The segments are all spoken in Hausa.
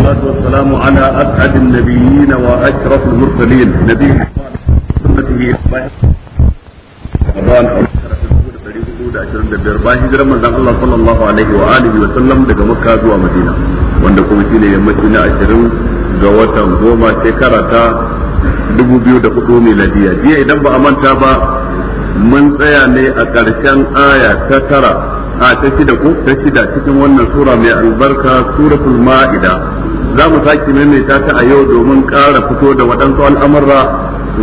والصلاة والسلام على أسعد النبيين وأشرف المرسلين نبينا سنته أبان hijirar Allah sallallahu alaihi wa alihi wa sallam daga Makka zuwa Madina wanda kuma shine yammaci na 20 ga watan goma shekara ta 2004 miladiya jiya idan ba a manta ba mun tsaya ne a ƙarshen aya ta tara a ta shida ko ta shida cikin wannan sura mai albarka suratul ma'ida za mu sake maimaita ta a yau domin ƙara fito da waɗansu al'amurra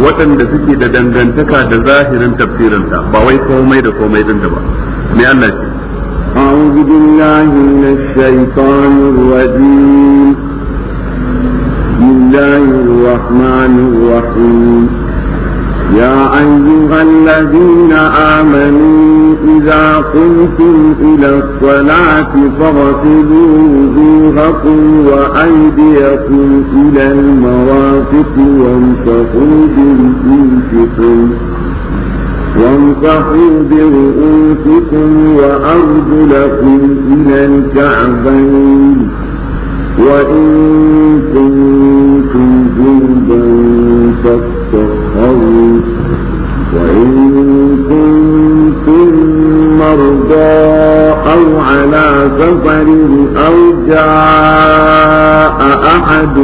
waɗanda suke da dangantaka da zahirin tafsirinta ba wai komai da komai din da ba mai Allah ce أعوذ بالله من الشيطان الرجيم بسم الله الرحمن الرحيم يا أيها الذين آمنوا إذا قمتم إلى الصلاة فاغسلوا وجوهكم وأيديكم إلى المرافق وامسحوا برؤوسكم وامسحوا برؤوسكم وأرجلكم إلى الكعبين وإن كنتم جنبا فاستطهروا وإن كنتم مرضى أو على سفر أو أحد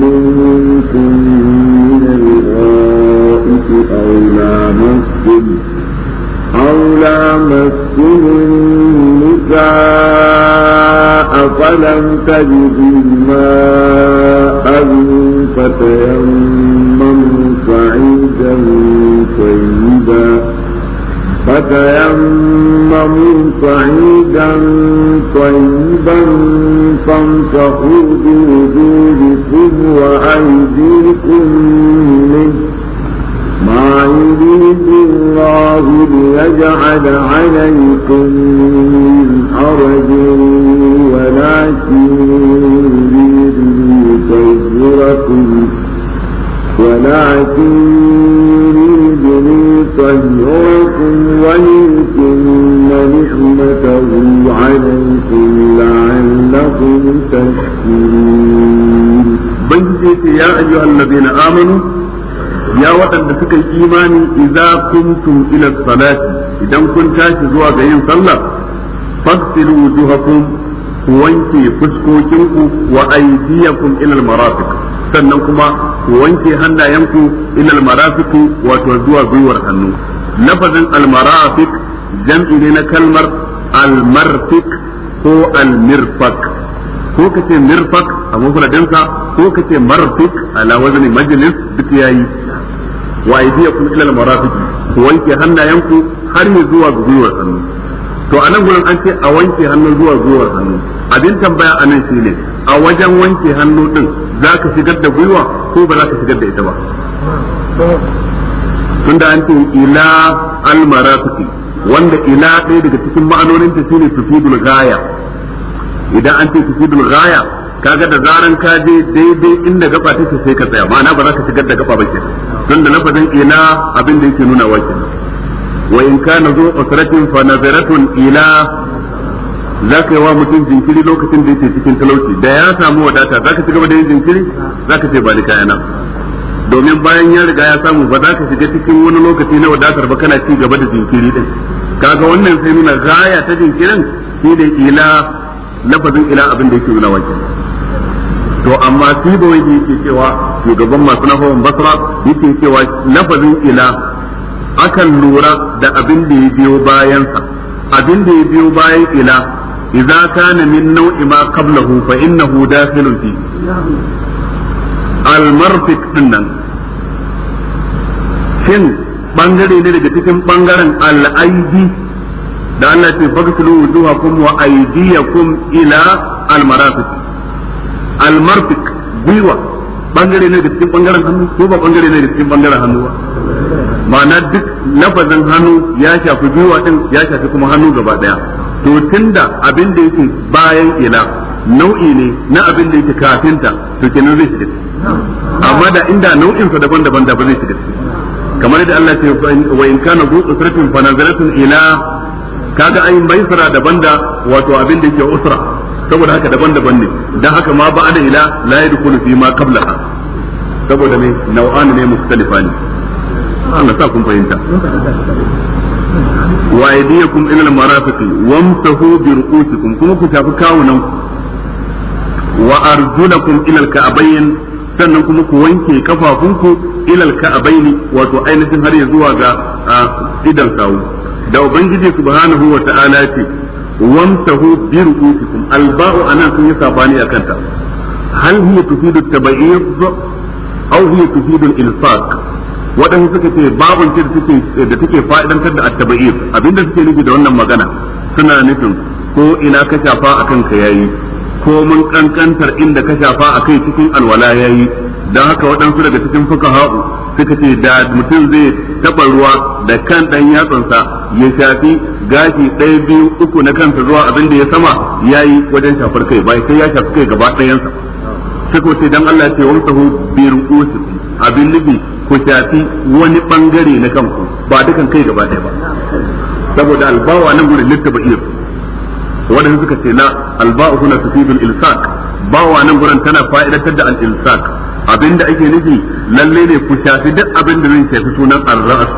منكم من الغائط أو لامستم أو لامستم النساء أفلم تجدوا الماء فتيمم صعيدا طيبا فتيمم صعيدا طيبا فامسحوا بوجودكم وأيديكم منه ما يريد الله ليجعل عليكم من حرج ولكن ليطهركم ولكن يريد ليطهركم وليتم نعمته عليكم لعلكم تشكرون بنجيت يا أيها الذين آمنوا يا وطن سكي إيماني إذا كنتم إلى الصلاة إذا كنت تاشي زوا غير فاغسلوا وجوهكم wanke fuskokinku wa aydiyakum ila al-marafiq sannan kuma wanke hannayenku ilal al-marafiq wato zuwa gwiwar hannu lafazin al-marafiq jam'i ne na kalmar al-marfiq ko al-mirfaq ko kace mirfaq a mufradinsa ko kace marfiq ala wazni majlis duk yayi wa aydiyakum ila al-marafiq ku wanke hannayenku har zuwa gwiwar hannu to anan nan gurin an ce a wanke hannu zuwa gwiwar hannu abin tambaya a nan shine a wajen wanke hannu din za ka shigar da gwiwa ko ba za ka shigar da ita ba tunda an ce ila almarafiki wanda ila ɗaya daga cikin ma'anonin ta shine tufidul gaya idan an ce tufidul gaya kaga da zaran ka je daidai inda gaba take sai ka tsaya ma'ana ba za ka shigar da gaba ba kenan na lafazin ila abin da yake nuna wa kenan وإن كان ذو أسرة فنظرة إلى ذاك يوا متين جنكري لو jinkiri lokacin da yake cikin talauci da ya samu wadata zaka ci gaba da yin jinkiri zaka ce ba ni domin bayan ya riga ya samu ba za ka shiga cikin wani lokaci na wadatar ba kana ci gaba da jinkiri din kaga wannan sai nuna gaya ta jinkirin shi da ila lafazin ila abin da yake nuna wakil to amma shi yake cewa shugaban masu nafawan basra yake cewa lafazin ila akan lura da abin da ya biyo bayansa abin da ya biyo bayan ila idza kana min nau'i ma qablahu fa innahu dakhilun fi al-marfiq dinnan shin bangare ne daga cikin bangaren al-aidi da Allah ce faghsilu wujuhakum wa aydiyakum ila al-marafiq al-marfiq gwiwa bangare ne daga cikin bangaren hannu ko ba bangare ne daga cikin bangaren hannu ba ma'ana duk lafazin hannu ya shafi gwiwa din ya shafi kuma hannu gaba daya to tunda abin da yake bayan ila nau'i ne na abin da yake kafinta to kenan zai shiga amma da inda nau'in sa daban-daban da ba zai shiga kamar yadda Allah ce wa in kana bu usratin fa nazaratun ila kaga ayin baisara daban da wato abin da yake usra saboda haka daban-daban ne dan haka ma ba'ada ila la yadkhulu fi ma qablaha saboda ne nau'an ne mukhtalifa ne Allah sa kun fahimta wa aydiyakum ila al bi ru'usikum kuma ku tafi kawunan wa arjulakum ila al-ka'bayn sannan kuma ku wanke kafafunku ila al-ka'bayn wato ainihin har ya zuwa ga idan sawu da ubangiji subhanahu wa ta'ala ce wamsahu bi ru'usikum al-ba'u anan kun yi sabani akan ta hal hiya tufidu at-tabayyid aw hiya tufidu waɗansu suka ce babun ce da take fa'idantar da at abinda suke nufi da wannan magana suna nufin ko ina ka shafa akan ka yayi ko mun kankantar inda ka shafa kai cikin alwala yayi don haka waɗansu daga cikin fuka haɗu suka ce da mutum zai taɓa ruwa da kan ɗan yatsansa ya shafi gashi ɗaya biyu uku na kansa zuwa abin da ya sama yayi wajen shafar kai ba sai ya shafi kai gaba ɗayansa sai ko sai dan Allah ya ce wamsahu bi ru'usikum abin nufi ku shafi wani bangare na kanku ba dukan kai gaba ɗaya ba saboda albawa nan gurin littaba iya wadanda suka ce la alba'u huna tufidul ilsaq bawa nan gurin tana fa'idatar da al ilsaq abinda ake nufi lalle ne ku shafi duk abin da zai shafi sunan ar raas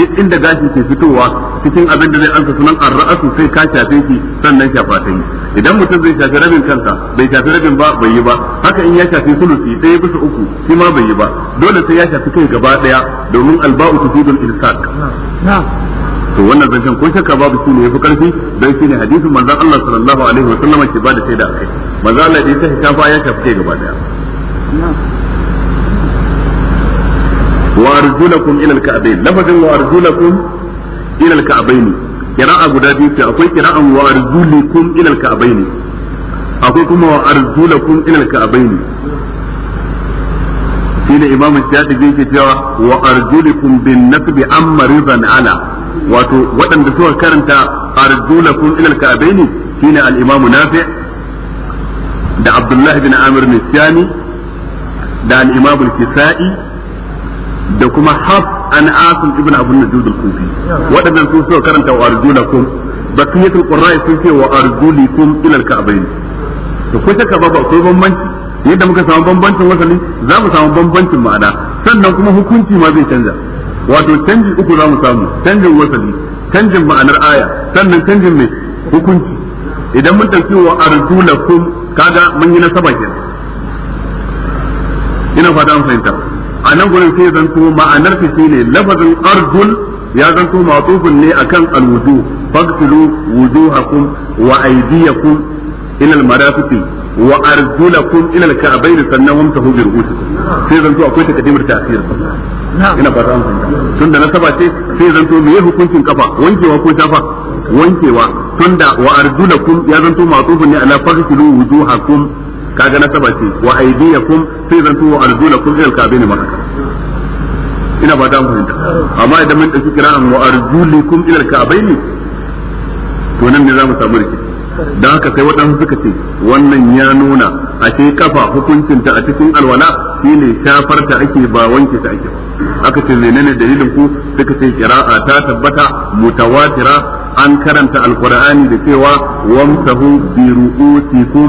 duk inda gashi ke fitowa cikin abin da zai ansa sunan ar raas sai ka shafe shi sannan shafa ta yi idan mutum zai shafi rabin kansa bai shafi rabin ba bai yi ba haka in ya shafi sulusi ɗaya bisa uku shi ma bai yi ba dole sai ya shafi kai gaba ɗaya domin alba'u tufidul irsak to wannan zancen ko shakka babu shi ne yafi karfi dan shi ne hadisin manzon Allah sallallahu alaihi wa sallam ke bada shaida akai manzon Allah dai sai shafa ya shafi kai gaba daya wa arjulakum ila al-ka'bayn lafazin wa arjulakum ila al-ka'bayn kira'a guda biyu ce akwai kira'an wa arzulikum ila al-ka'bayn akwai kuma wa arzulakum ila al-ka'bayn shine imamu shafi'i yake cewa wa arzulikum bin nasbi amma ridan ala wato waɗanda suka karanta arzulakum ila al-ka'bayn shine al-imamu nafi' da abdullahi bin amir misyani da alimamu imamu kisai da kuma haf an asim ibn abun najud al-kufi waɗannan su suka karanta wa arjulakum baqiyatul qurra'i sun ce wa arjulikum ila al-ka'bayn to ko shakka ba akwai bambanci yadda muka samu bambancin wasali za mu samu bambancin ma'ana sannan kuma hukunci ma zai canza wato canji uku za mu samu canjin wasali canjin ma'anar aya sannan canjin mai hukunci idan mun ɗauki wa arjulakum kaga mun yi nasaba kenan ina fata an fahimta a nan gurin sai zanto ma'anar ta shine lafazin ardul ya zanto matufin ne akan alwudu fagsilu wuduhakum wa aydiyakum ila almarafiqi wa arjulakum ila alka'bayn sannan wamsahu bi ru'usikum sai zanto akwai takadimar ta'sir ina ba ta tun da nasaba ce sai zanto me hukuncin kafa wankewa ko shafa wankewa tunda wa arjulakum ya zanto matufin ne ala fagsilu wuduhakum kaga nasaba ce wa aydiyakum sai arjulakum ila ma haka ina ba fahimta amma idan mun dauki kira'an wa arjulikum ila to nan ne za mu samu rikici dan haka sai waɗansu suka ce wannan ya nuna a ce kafa hukuncinta a cikin alwala shine shafar ta ake ba wanke ta ake aka ce menene dalilin ku suka ce kira'a ta tabbata mutawatira an karanta alkur'ani da cewa wamsahu bi ru'usikum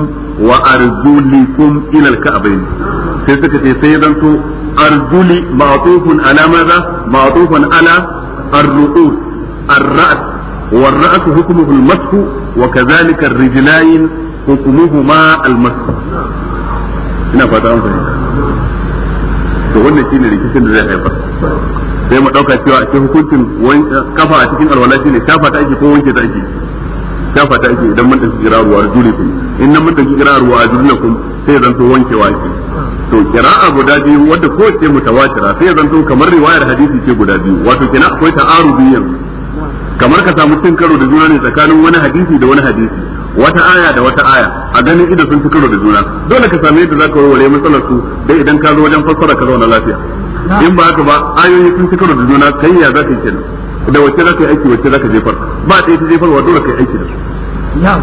wa ila alka'bayn sai suka ce sai zanto arjuli ma'tufun ala madha ma'tufun ala ar-ru'us ar-ra's to wannan shine rikicin da zai haifar sai mu dauka cewa a cikin hukuncin kafa a cikin alwala shine shafa ta ake ko wanke ta ake shafa ta ake idan mun da kira ruwa a dole in nan mun da kira ruwa a dole kun sai zanto wankewa ake to kira'a guda biyu wanda ko ce mutawatira sai zanto kamar riwayar hadisi ce guda biyu wato kina akwai ta'arubi yanzu kamar ka samu cin karo da juna ne tsakanin wani hadisi da wani hadisi wata aya da wata aya a ganin ido sun fi karo da juna dole ka same yadda zaka warware matsalar su dai idan ka zo wajen fassara ka zauna lafiya in ba haka ba ayoyi sun fi karo da juna kai ya zaka yi kenan da wacce zaka yi aiki wacce zaka jefar ba ɗaya ta wa dole ka yi aiki da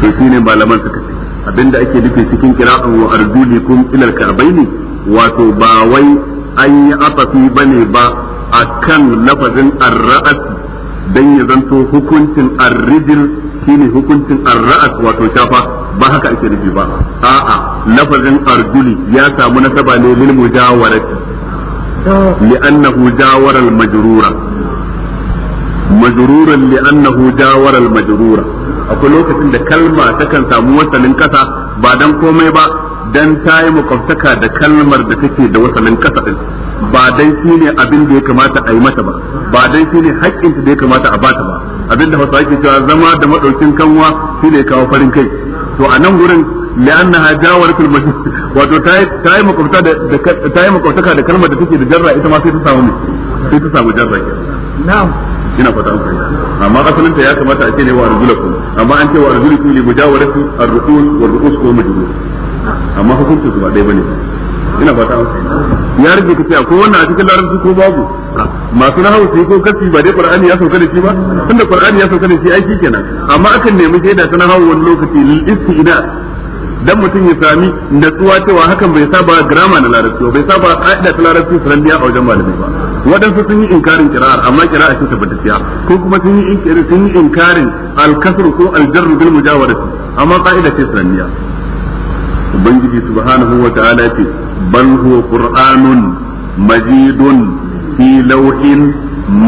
su to ne malaman suka ce abinda ake nufi cikin qira'an wa arjulikum ila al-ka'bayn wato ba wai an yi afafi ne ba a kan lafazin ar dan ya zanto hukuncin ar-rijl shine hukuncin arra'at wato shafa ba haka ake nufi ba a'a lafazin arjuli ya samu nasaba ne lil mujawarati li'annahu jawara majrura majruran li'annahu jawara majrura akwai lokacin da kalma takan samu wasalin kasa ba dan komai ba dan tayi yi makwabtaka da kalmar da take da wasanin kasa din ba dan shine abin da ya kamata a yi mata ba ba dan shine haƙƙin da ya kamata a bata ba abinda hausa ake cewa zama da madaukin kanwa shine kawo farin kai to a nan gurin li'annaha jawaratul masjid wato ta yi makwabta da ta yi makwabtaka da kalmar da take da jarra ita ma sai ta samu sai ta samu jarra na'am ina fata an fahimta amma asalin ta ya kamata a ce ne wa arjulakum amma an ce wa arjulakum li mujawarati ar-ru'us wa ar-ru'us ko majrur amma hukuncin su ba dai bane ina fata an fahimta ya rage kace akwai wannan a cikin larabci ko babu ah, masu na hausa ko kasi ba dai qur'ani ya sauka da shi ba tunda qur'ani ya sauka da shi ai kenan amma akan nemi shaida ta hawo wani lokaci lil istida dan mutum ya sami natsuwa cewa hakan bai saba grama na larabci bai saba qaida ta larabci sananniya a wajen malami ba waɗansu sun yi inkarin kira'ar amma kira'a ce tabbatacciya ko kuma sun yi inkarin sun yi inkarin al-kasr ko al-jarr bil mujawarati amma ka'ida ce sananniya ubangiji subhanahu wa ta'ala ce bal huwa qur'anun majidun fi lawhin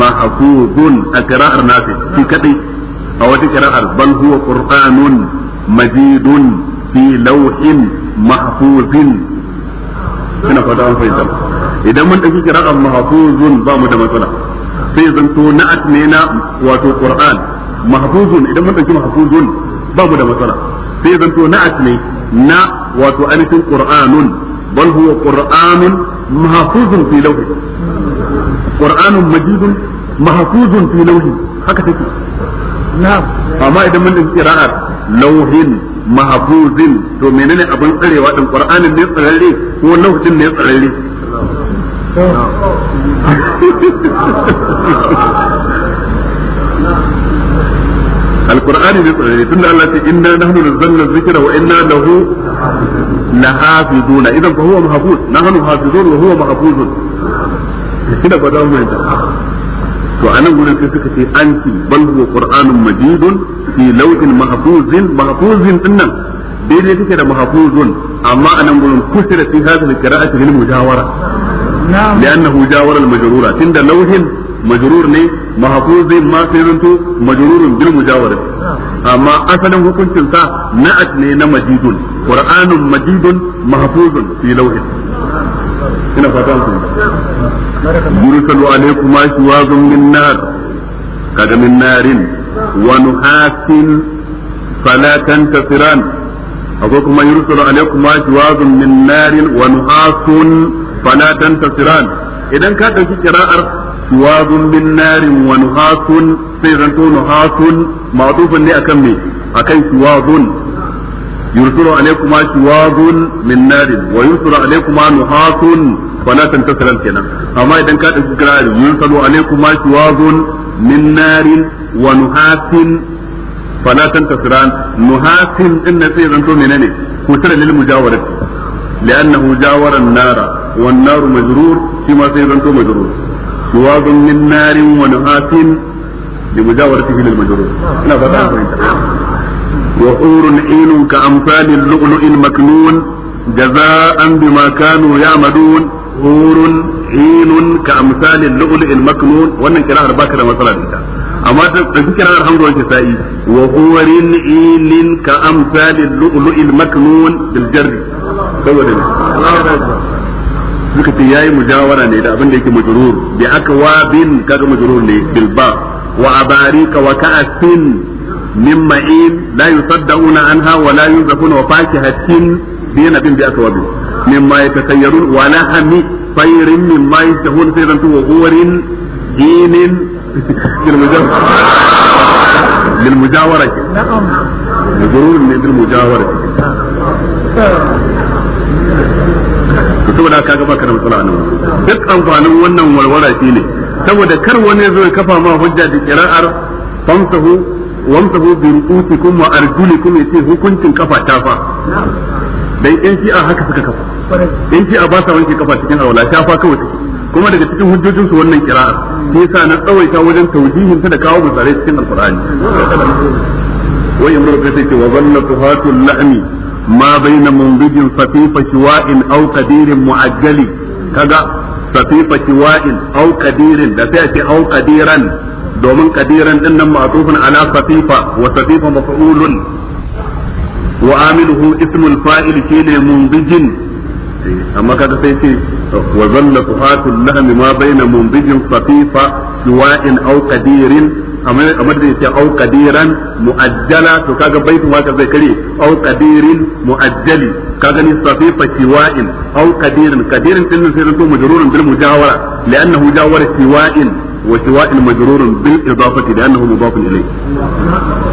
mahfuzun a qira'ar nafi kadai a wata qira'ar bal huwa qur'anun majidun fi ina fata an fahimta idan mun dauki qira'ar mahfuzun ba mu da matsala sai to na'at ne na wato qur'an mahfuzun idan mun dauki mahfuzun ba mu da matsala sai to na'at ne na wato alifin qur'anun bal huwa qur'anun mahfuzun fi lawhi qur'anun majidun mahfuzun fi lawhi haka take na'am amma idan mun din qira'at lawhin mahfuzin to menene abin tsarewa din qur'anin ne tsararre ko lawhin ne alqur'ani ne tsare tunda Allah ce inna nahnu nazzalna dhikra wa inna lahu lahafizuna idan fa huwa mahfuz nahnu hafizun wa huwa to anan gurin sai suka ce anti bal huwa qur'anun majidun fi lawhin mahfuzin mahfuzin dinnan daidai take da mahfuzun amma anan gurin kusira fi hadhihi qira'ati lil mujawara لأنه جاور المجرورة عند لوح majrur ne mahfuz zai ma sai zanto majrurun bil mujawara amma asalin hukuncin sa na'at ne na majidun qur'anun majidun mahfuzun fi lawhin ina fatan ku yursalu alaykum ashwazun min nar kaga min narin wa nuhasin fala tantasiran akwai kuma yursalu alaykum ashwazun min narin wa nuhasun fala tantasiran idan ka dauki kira'ar suwadun min narin wa nuhasun sai zanto nuhasun ma'tufan ne akan me akan suwadun yursilu alaykuma suwadun narin wa yursilu alaykuma nuhasun fala tantasiran kenan amma idan ka dauki kirari yursilu alaykuma suwadun min narin wa nuhasin fala tantasiran nuhasin din nan sai zanto menene kutar lil mujawarati لأنه جاور النار والنار مجرور فيما سيرنتو مجرور جواب من نار ونهات لمجاورته للمجرور لا فتاة وحور عين كأمثال اللؤلؤ المكنون جزاء بما كانوا يعملون حور عين كأمثال اللؤلؤ المكنون وأن كراهة باكرة مثلا amma da fi kira alhamdu wake sa'i wa huwarin ilin ka amsalin lu'lu'il maknun bil jarri saboda suka ce yayi mujawara ne da abin da yake majrur bi bin kaga majrur ne bil ba wa abarika wa ka'asin min ma'in la yusaddauna anha wa la yunzafuna wa fakihatin bi nabin bi bin mimma yatasayyarun wa la lahami fayrin mimma yashtahun sayran wa huwarin dinin bil mujawara bil mujawara na'am majrur ne bil mujawara to saboda kaga baka da matsala nan duk amfanin wannan warwara ne. saboda kar wani zo kafa ma hujja da qira'ar famsahu wamsahu bi ru'usikum wa arjulikum yace hukuncin kafa tafa dan in a haka suka kafa in a ba sa wanke kafa cikin alwala tafa kawai take kuma daga cikin hujjojin su wannan qira'a shi yasa na tsawaita wajen tawjihin ta da kawo misalai cikin alqur'ani wa yamru kai sai ce wa zallatu hatul la'mi ma baina munbijin safifa shiwa'in aw qadirin mu'ajjali kaga safifa shiwa'in aw qadirin da sai a ce aw qadiran domin kadiran din nan ma'tufun ala safifa wa safifa maf'ulun wa amiluhu ismul fa'il shine munbijin amma kaga sai ce wa zallatu hatul ma baina munbijin safifa shiwa'in aw a madadin sai au kadiran mu'ajjala to kaga baitun waka zai kare au kadirin mu'ajjali kaga ni safifa siwa'in au kadirin kadirin din sai zanto majrurun bil mujawara li'annahu jawara siwa'in وسواء مجرور بالإضافة لأنه مضاف إليه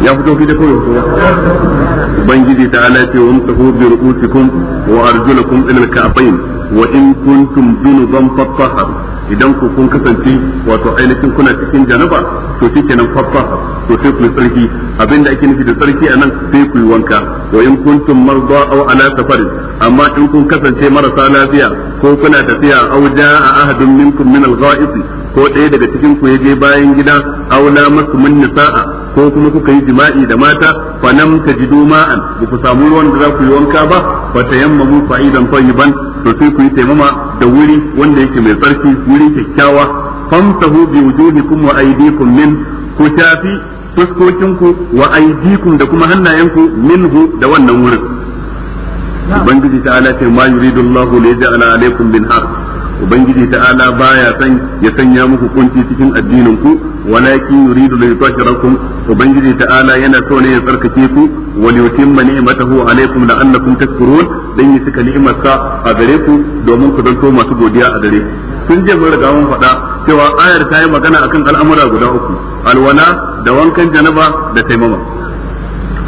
يا فتو في دكوي بنجدي تعالى وامسحوا برؤوسكم وأرجلكم إلى الكعبين وإن كنتم جنبا فطهروا idan ku kun kasance wato ainihin kuna cikin janaba to shikenan fattaha to sai ku yi tsarki abinda ake nufi da tsarki a nan sai ku yi wanka wa in kuntum marda aw ala safarin amma in kun kasance marasa lafiya ko kuna tafiya aw jaa ahadun minkum min al-gha'iti ko ɗaya daga cikin ku je bayan gida aw lamasum nisaa ko kuma kuka yi jima'i da mata fa nam tajidu ma'an ba ku samu ruwan da za ku yi wanka ba fa tayammamu fa'idan tayyiban to sai ku yi taimama da wuri wanda yake mai tsarki wuri kyakkyawa famtahu bi wujuhikum wa aydikum min ku shafi fuskokinku wa aidikum da kuma hannayenku minhu da wannan wurin ubangiji ala ce ma yuridullahu li yaj'ala alaykum min harj ubangiji ala baya san ya sanya muku kunci cikin addinin ku walakin yuridu li yutahhirakum ubangiji ala yana so ne ya tsarkake ku wa li yutimma ni'matahu alaykum la'annakum tashkurun dan yi suka ni'imarsa a gare ku domin ku zanto masu godiya a gare tun je mun riga mun faɗa cewa ayar ta yi magana akan al'amura guda uku alwala da wankan janaba da taimama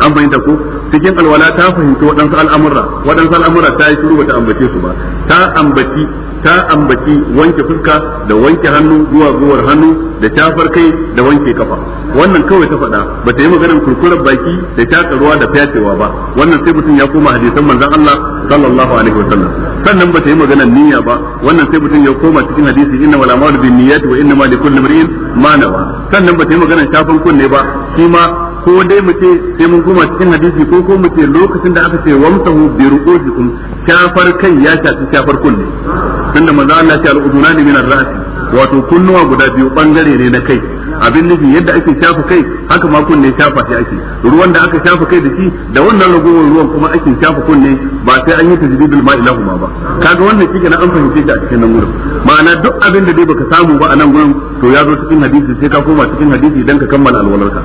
an fahimta ko cikin alwala ta fahimci waɗansu al'amura waɗansu al'amura ta yi shiru ta ambace su ba ta ambaci ta ambaci wanke fuska da wanke hannu zuwa zuwar hannu da shafar kai da wanke kafa wannan kawai ta faɗa ba ta yi maganar kurkurar baki da shaka ruwa da fyacewa ba wannan sai mutum ya koma hadisan manzan Allah sallallahu alaihi wa sallam sannan ba ta yi maganar niyya ba wannan sai mutum ya koma cikin hadisi inna ma'ud bin niyyati wa inna ma kulli mar'in ma nawa sannan ba ta yi maganar shafan kunne ba shi ma ko dai mu ce sai mun koma cikin hadisi ko ko mu ce lokacin da aka ce wamsahu bi ru'usikum shafar kai ya shafi shafar kunne tunda manzo Allah ya al-udunani min ar-ra's wato kunnuwa guda biyu bangare ne na kai abin nufi yadda ake shafa kai haka ma kunne shafa shi ake ruwan da aka shafa kai da shi da wannan ragowar ruwan kuma ake shafa kunne ba sai an yi tajdidul ma ilahuma ba kaga wannan shi kenan an fahimce shi a cikin nan gurin ma'ana duk abin da dai baka samu ba a nan gurin to ya zo cikin hadisi sai ka koma cikin hadisi dan ka kammala alwalarka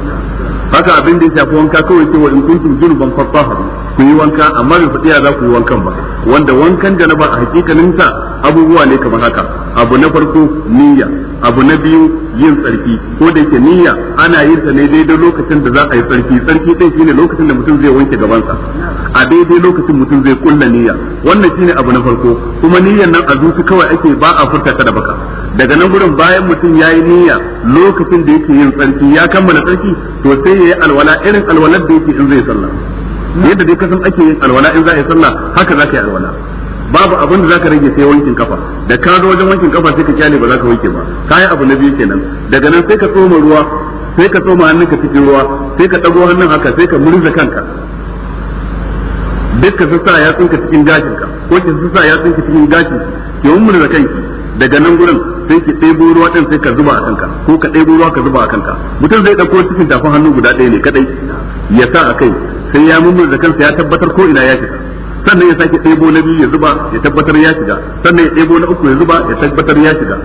haka abin da ya shafi wanka kawai cewa in kuntum junuban fatahharu ku yi wanka amma bai fadiya za ku yi wankan ba wanda wankan ba a hakikanin sa abubuwa ne kamar haka abu na farko niyya abu na biyu yin tsarki ko da yake niyya ana yin ta ne daidai lokacin da za a yi tsarki tsarki din shine lokacin da mutum zai wanke gaban sa a daidai lokacin mutum zai kulla niyya wannan shine abu na farko kuma niyyan nan a zuci kawai ake ba a furta ta da baka daga nan gurin bayan mutum ya yi niyya lokacin da yake yin tsarki ya kammala tsarki to sai ya yi alwala irin alwalar da yake in zai sallah yadda dai kasan ake yin alwala in za a yi sallah haka za ka yi alwala babu abin da za ka rage sai wankin kafa da ka zo wajen wankin kafa sai ka kyale ba za ka wanke ba yi abu na biyu kenan daga nan sai ka tsoma ruwa sai ka tsoma hannunka cikin ruwa sai ka ɗago hannun haka sai ka murza kanka duk ka sassa ya tsinka cikin gashinka ko ki sassa ya tsinka cikin gashinki ki murza kanki daga nan gurin sai ki ɗebo ruwa ɗin sai ka zuba a kanka ko ka ɗebo ruwa ka zuba a kanka mutum zai ɗauko cikin tafin hannu guda ɗaya ne kadai ya sa a kai sai ya da kansa ya tabbatar ko ina ya shiga sannan ya sake ɗebo na biyu ya zuba ya tabbatar ya shiga sannan ya ɗebo na uku ya zuba ya tabbatar ya shiga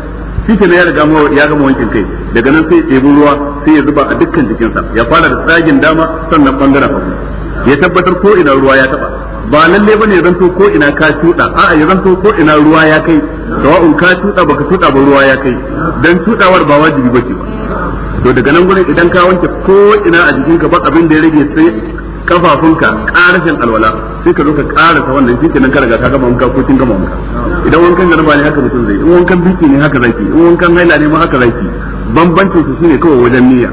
shi ke ya riga ya gama wankin kai daga nan sai ya ɗebo ruwa sai ya zuba a dukkan jikinsa ya fara da tsagin dama sannan ɓangaren hagu ya tabbatar ko ina ruwa ya taɓa ba lalle bane zan to ko ina ka tuda a'a ya to ko ina ruwa ya kai sawa'un ka tuda baka tuda ba ruwa ya kai dan tudawar ba wajibi bace ba to daga nan gurin idan ka wanke ko ina a ka ba abin da ya rage sai kafafunka karashin alwala sai ka zo ka karasa wannan shi kenan ka riga ka gama wanka ko kin gama wanka idan wankan garba ne haka mutum zai in wankan biki ne haka zaki in wankan haila ne ma haka zaki bambancin su shine kawai wajen niyya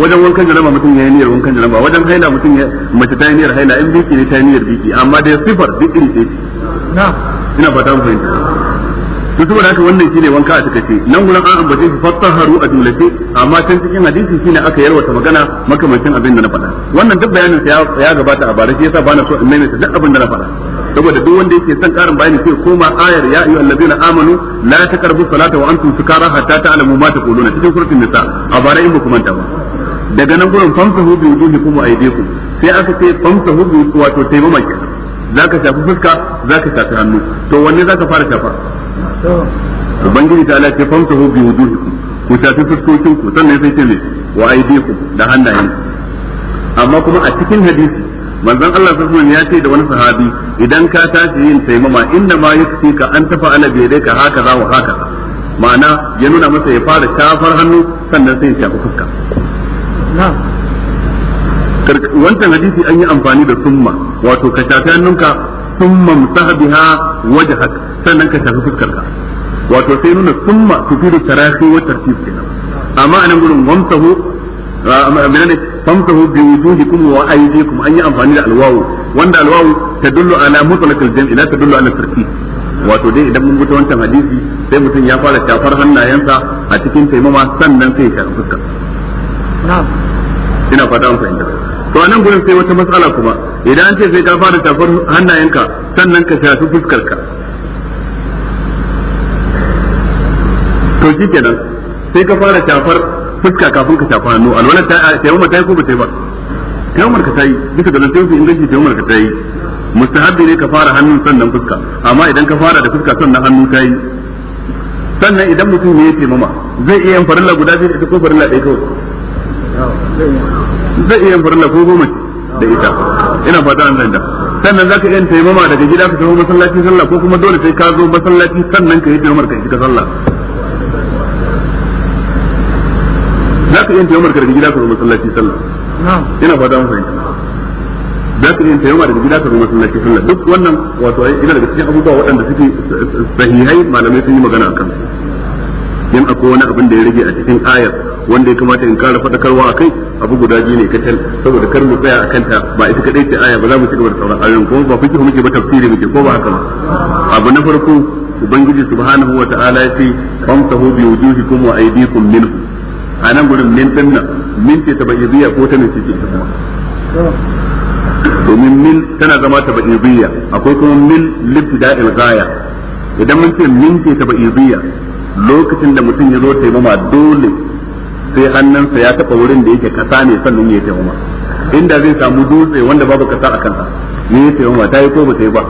wajen wankan jaraba mutum ya yi niyyar wankan jaraba wajen haila mutum ya mace ta yi niyyar haila in biki ne ta yi niyyar biki amma da sifar duk irin ɗaya ce ina fata mu fahimta to saboda haka wannan shine wanka a ce nan gurin an ambace shi fattaharu a jumlace amma can cikin hadisi shine aka yarwata magana makamancin abin da na faɗa wannan duk bayanin sa ya gabata a bare shi yasa bana so in maimaita duk abin da na faɗa saboda duk wanda yake son karin bayani sai koma ayar ya ayu allazina amanu la takrabu salata wa antum sukara hatta ta'lamu ma taquluna cikin suratul nisa a bare in ba ku manta ba daga nan gurin famsahu bi wujuhikum wa aydikum sai aka ce famsahu bi wato taimama kenan zaka shafi fuska zaka shafi hannu to wanne zaka fara shafa ubangiji ta ce famsahu bi wujuhikum ku shafi fuskokin ku sannan sai ce ne wa ku da hannayen amma kuma a cikin hadisi manzon Allah sallallahu alaihi ya ce da wani sahabi idan ka tashi yin taimama inda ma yakfi ka an tafa ala bi yadayka haka za wa haka ma'ana ya nuna masa ya fara shafar hannu sannan sai ya shafi fuska wancan hadisi an yi amfani da summa wato ka shafi hannunka summa musahabiha wajhak sannan ka shafi fuskarka wato sai nuna summa da tarahi wa tartib kenan amma anan gurin wamsahu menene famsahu bi wujuhikum wa aydikum an yi amfani da alwawu wanda alwawu dullu ala mutlaqil jam'i la dullu ala tartib wato dai idan mun gudu wancan hadisi sai mutum ya fara shafar hannayensa a cikin taimama sannan sai ya shafi fuskarsa na'am ina fata an fahimta to anan gurin sai wata matsala kuma idan an ce sai ka fara shafar hannayenka sannan ka shafi fuskarka to shi kenan sai ka fara shafar fuska kafin ka shafa hannu alwala ta taimama ta yi ko ba ta yi ba Umar ka ta yi bisa ga lantarki fi inganci Umar ka ta yi mustahabbi ne ka fara hannun sannan fuska amma idan ka fara da fuska sannan hannu ta yi sannan idan mutum ne ya taimama zai iya yin farilla guda biyu da ko farilla ɗaya kawai zai iya farilla ko goma ce da ita ina fata an zanda sannan zaka iya taimama daga gida ka tafi masallaci sallah ko kuma dole sai ka zo masallaci sannan ka yi taimamar ka shiga sallah zaka iya taimamar ka daga gida ka zo masallaci sallah ina fata an fahimta za ka yin tayyama daga gida ka zo masallaci sallah duk wannan wato ina daga cikin abubuwa waɗanda suke eh, eh, sahihai malamai sun yi magana akan yan akwai wani abin da ya rage a cikin ayar wanda ya kamata in kara fadakarwa kai abu guda biyu ne kacal saboda kar mu tsaya a kanta ba ita kadai ce aya ba za mu ci gaba da sauran ayoyin kuma ba fiki muke ba tafsiri muke ko ba haka ba abu na farko ubangiji subhanahu wa ta'ala ya ce famsahu bi wujuhikum wa aydikum minhu anan gurin min din nan min ce tabayyiyya ko ta nace ce kuma domin min tana zama ta tabayyiyya akwai kuma min libtida'il ghaya idan mun ce min ce tabayyiyya lokacin da mutum ya zo taimama dole sai hannunsa ya taɓa wurin da yake kasa ne sannan ya taimama inda zai samu dutse wanda babu kasa a kansa ne ya taimama ta yi ko ba ta yi ba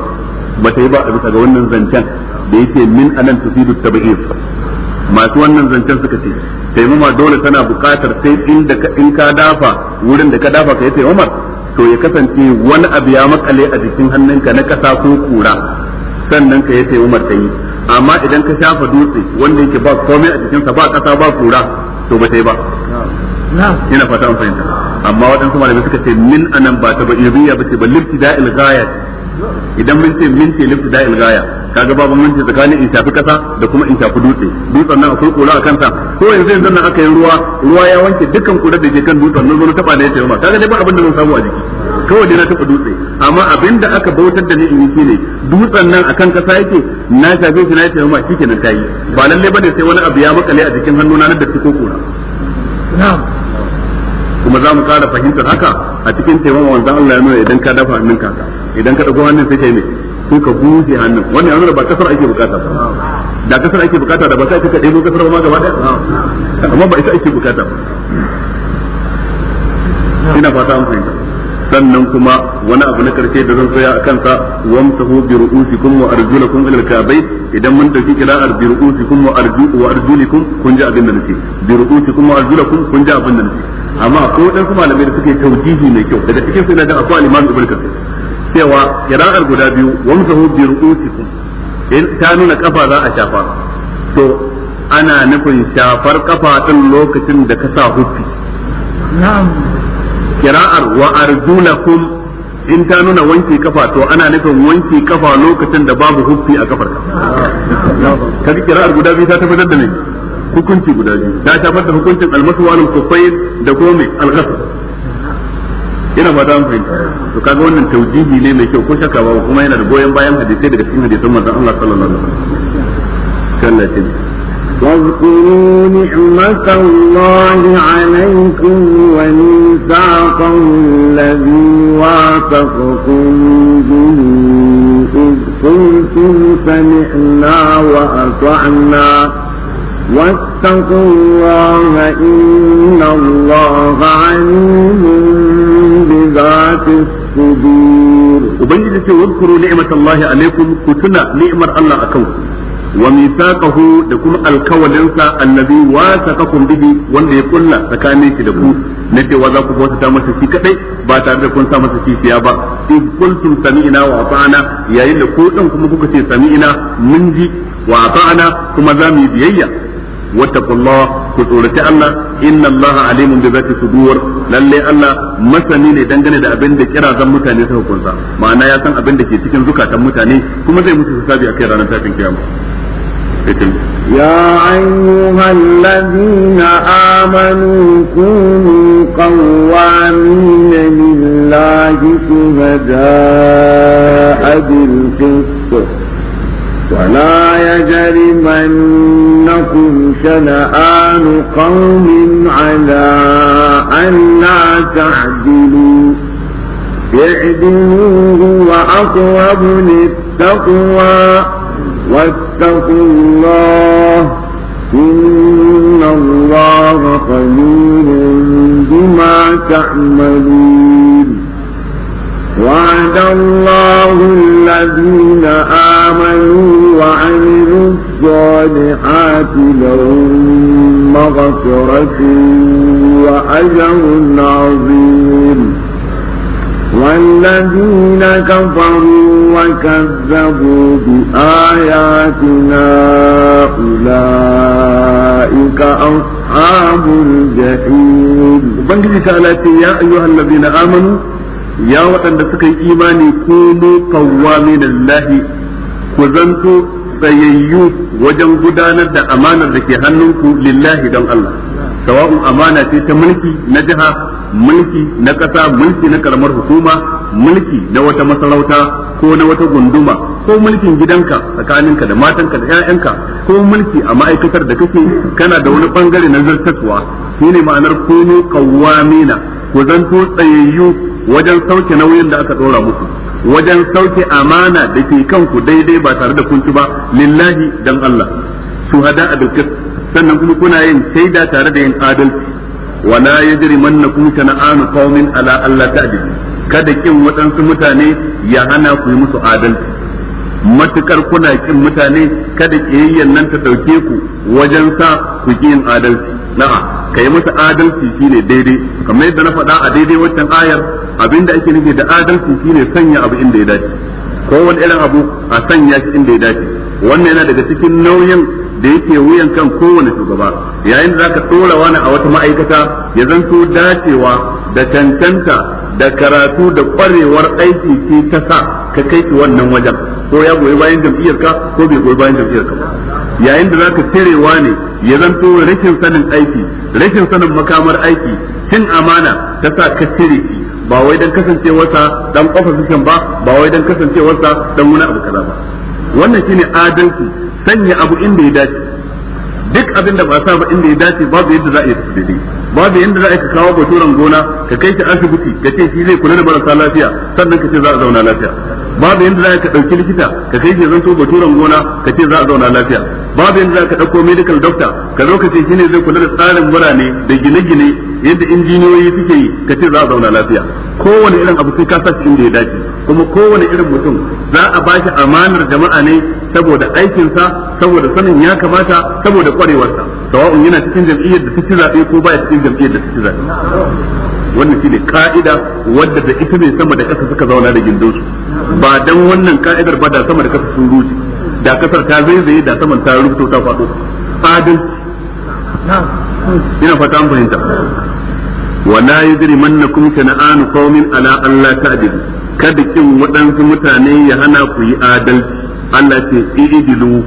ba ta yi ba a bisa ga wannan zancen da yake min anan tufidu tabi'ir masu wannan zancen suka ce taimama dole tana buƙatar sai inda in ka dafa wurin da ka dafa ka yi taimama to ya kasance wani abu ya makale a jikin hannunka na kasa ko kura sannan ka yi taimama ta yi amma idan ka shafa dutse wanda yake ba komai a jikinsa ba kasa ba kura to ba ta yi ba ina fata an fahimta amma waɗansu malamai suka ce min anan ba ta ba iriya ba ce ba lifti liftida'il ghaya idan mun ce min ce lifti liftida'il ghaya kaga babu mun ce tsakanin in shafi kasa da kuma in shafi dutse dutsen nan akwai kula a kansa ko yanzu yanzu nan aka yi ruwa ruwa ya wanke dukkan kula da ke kan dutsen nan zo na taba da ya tayi ma kaga dai ba abin da zan samu a jiki kawai dai na taba dutse amma da aka bautar da ni in yi shine dutsen nan akan kasa yake na shafe shi na yi tayyama shikenan tayi ba lalle bane sai wani abu ya makale a jikin hannuna na da ko kura kuma za mu kara fahimtar haka a cikin taimama wanda Allah ya nuna idan ka dafa hannun ka idan ka dago hannun sai kai ne sai ka bushe hannun wannan ya nuna ba kasar ake bukata ba da kasar ake bukata da ba sai ka ɗebo kasar ba gaba ɗaya amma ba ita ake bukata ba ina fata an fahimta sannan kuma wani abu na karshe da zan tsaya a kansa wamsahu bi ru'usikum wa arjulakum ila al-ka'bay idan mun dauki kira'ar bi ru'usikum wa arju wa arjulikum kun ji abin da nace bi ru'usikum wa arjulakum kun ji abin da nace amma ko dan su malamai da suke tawjihi mai kyau daga cikin su ina da akwai al-imam ibn kathir cewa kira'ar guda biyu wamsahu bi ru'usikum ta nuna kafa za a shafa to ana nufin shafar kafa din lokacin da ka sa hufi. na'am kira'ar wa arjulakum in ta nuna wanke kafa to ana nufin wanke kafa lokacin da babu huffi a kafar ka kaga kira'ar guda biyu ta tabbatar da me hukunci guda biyu ta tabbatar da hukuncin almasu wal kuffayn da gome alghasl ina ba da amfani to kaga wannan taujihi ne mai kyau ko shakka ba kuma yana da goyon bayan hadisai daga cikin hadisan manzon Allah sallallahu alaihi wasallam kallatin واذكروا نعمة الله عليكم وميثاقه الذي واثقكم به إذ قلتم سمعنا وأطعنا واتقوا الله إن الله عليم بذات الصدور وبنجد واذكروا نعمة الله عليكم كتنا نعمة الله أكوكم wa mithaqahu da kuma alkawalinsa allazi wasaqakum bihi wanda ya kulla tsakanin shi da ku na cewa za ku ta masa shi kadai ba tare da kusa sa masa kishiya ba in kuntum sami'na wa ata'na yayin da ko din kuma kuka ce sami'na mun ji wa ata'na kuma za mu biyayya wata ku tsoraci Allah inna Allah alimun bi zati lallai Allah masani ne dangane da abinda da kirazan mutane suka kunsa ma'ana ya san abin da ke cikin zukatan mutane kuma zai musu hisabi akai ranar tashin kiyama يا أيها الذين آمنوا كونوا قوامين لله شهداء بالقسط ولا يجرمنكم شنآن قوم على ألا تعدلوا اعدلوا وأقرب للتقوى واتقوا الله إن الله خبير بما تعملون وعد الله الذين آمنوا وعملوا الصالحات لهم مغفرة وأجر عظيم والذين كفروا وكذبوا بآياتنا أولئك أصحاب الجحيم بنجي تعالى يا أيها الذين آمنوا يا وطن سكي إيماني كونوا قوامين الله كزنتوا tsayayyu wajen gudanar da amanar da ke hannunku lillahi don Allah sawa'un amana ce ta mulki na jiha mulki na ƙasa mulki na karamar hukuma mulki na wata masarauta ko na wata gunduma ko mulkin gidanka tsakaninka da matanka da 'ya'yanka ko mulki a ma'aikatar da kake kana da wani bangare na zartaswa shine ma'anar kunu qawwamina ku zanto tsayayyu wajen sauke nauyin da aka ɗora muku wajen sauke amana da ke kanku daidai ba tare da ci ba lillahi dan Allah su shuhada a sannan kuma kuna yin shaida tare da yin adalci wa la yajrimannakum shana'anu qaumin ala alla kada kin waɗansu mutane ya hana ku yi musu adalci matukar kuna kin mutane kada kiyayyen nan ta dauke ku wajen sa ku ki yin adalci na'a kai musu adalci shine daidai kamar yadda na faɗa a daidai waccan ayar abinda ake nufi da adalci shine sanya abu inda ya dace kowane irin abu a sanya shi inda ya dace wannan yana daga cikin nauyin da yake wuyan kan kowane shugaba yayin da zaka dora wani a wata ma'aikata ya zanto dacewa da cancanta da karatu da kwarewar aiki ce ta sa ka kai shi wannan wajen ko ya goyi bayan jam'iyyar ka ko bai goyi bayan jam'iyyar ka yayin da zaka cirewa ne ya zanto rashin sanin aiki rashin sanin makamar aiki cin amana ta sa ka cire shi ba wai dan kasancewarsa dan ofishin ba ba wai dan kasancewarsa dan wani abu kaza ba wannan shine adalci sanya abu inda ya dace duk abin da ba sa ba inda ya dace babu yadda za a yi daidai babu yadda za a ka kawo baturan gona ka kai shi asibiti ka ce shi zai kula da marasa lafiya sannan ka ce za a zauna lafiya babu yadda za ka ɗauki likita ka kai shi zanto baturan gona ka ce za a zauna lafiya babu yadda za ka ɗauko medical doctor ka zo ka ce shi ne zai kula da tsarin birane da gine-gine yadda injiniyoyi suke yi ka ce za a zauna lafiya kowane irin abu sai ka sa shi inda ya dace kuma kowane irin mutum za a bashi amanar jama'a ne saboda aikinsa saboda sanin ya kamata saboda kwarewarsa sawa'un yana cikin jam'iyyar da ta ci zaɓe ko baya cikin jam'iyyar da ta ci zaɓe wannan shine ka'ida wadda da ita ne sama da ƙasa suka zauna da gindinsu ba dan wannan ka'idar ba da sama da ƙasa sun rushe da ƙasar ta zaizaye da saman ta rubuto ta faɗo adalci ina fata an fahimta wala yajrimannakum shana'anu qaumin ala an la ta'dilu kada kin waɗansu mutane ya hana ku yi adalci Allah ce idilu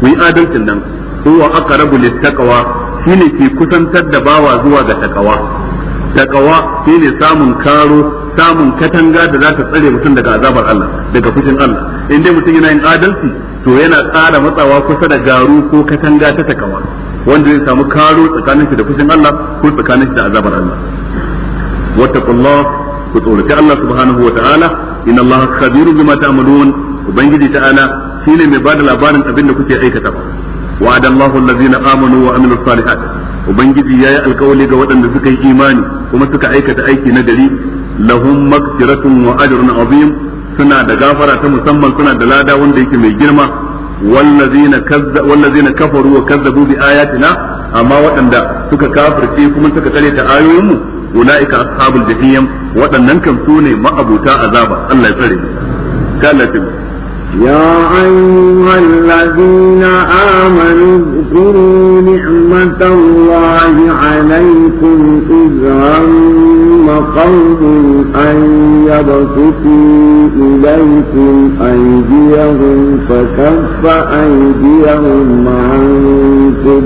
ku yi adalcin nan huwa aqrabu littaqwa shine ke kusantar da bawa zuwa ga takawa takawa shine samun karo samun katanga da za ta tsare mutum daga azabar Allah daga fushin Allah in dai mutum yana yin adalci to yana ƙara matsawa kusa da garu ko katanga ta takawa wanda zai samu karo tsakanin shi da fushin Allah ko tsakanin shi da azabar Allah ku tsoraci Allah subhanahu wa ta'ala inna Allah khabirun bima ta'malun ubangiji ta'ala shine mai bada labarin abin da kuke aikata wa'ada Allahu allazina amanu wa amilus salihat ubangiji yayi alkawali ga waɗanda suka yi imani kuma suka aikata aiki na gari lahum maghfiratun wa ajrun azim suna da gafara ta musamman suna da lada wanda yake mai girma wallazina kazza wallazina kafaru wa kazzabu bi ayatina amma waɗanda suka kafirce kuma suka kare ta ayoyinmu ulaika ashabul jahim waɗannan kan su ne ma'abuta azaba Allah ya tsare sai Allah ya يا أيها الذين آمنوا اذكروا نعمة الله عليكم إذ هم قوم أن يبسطوا إليكم أيديهم فكف أيديهم عنكم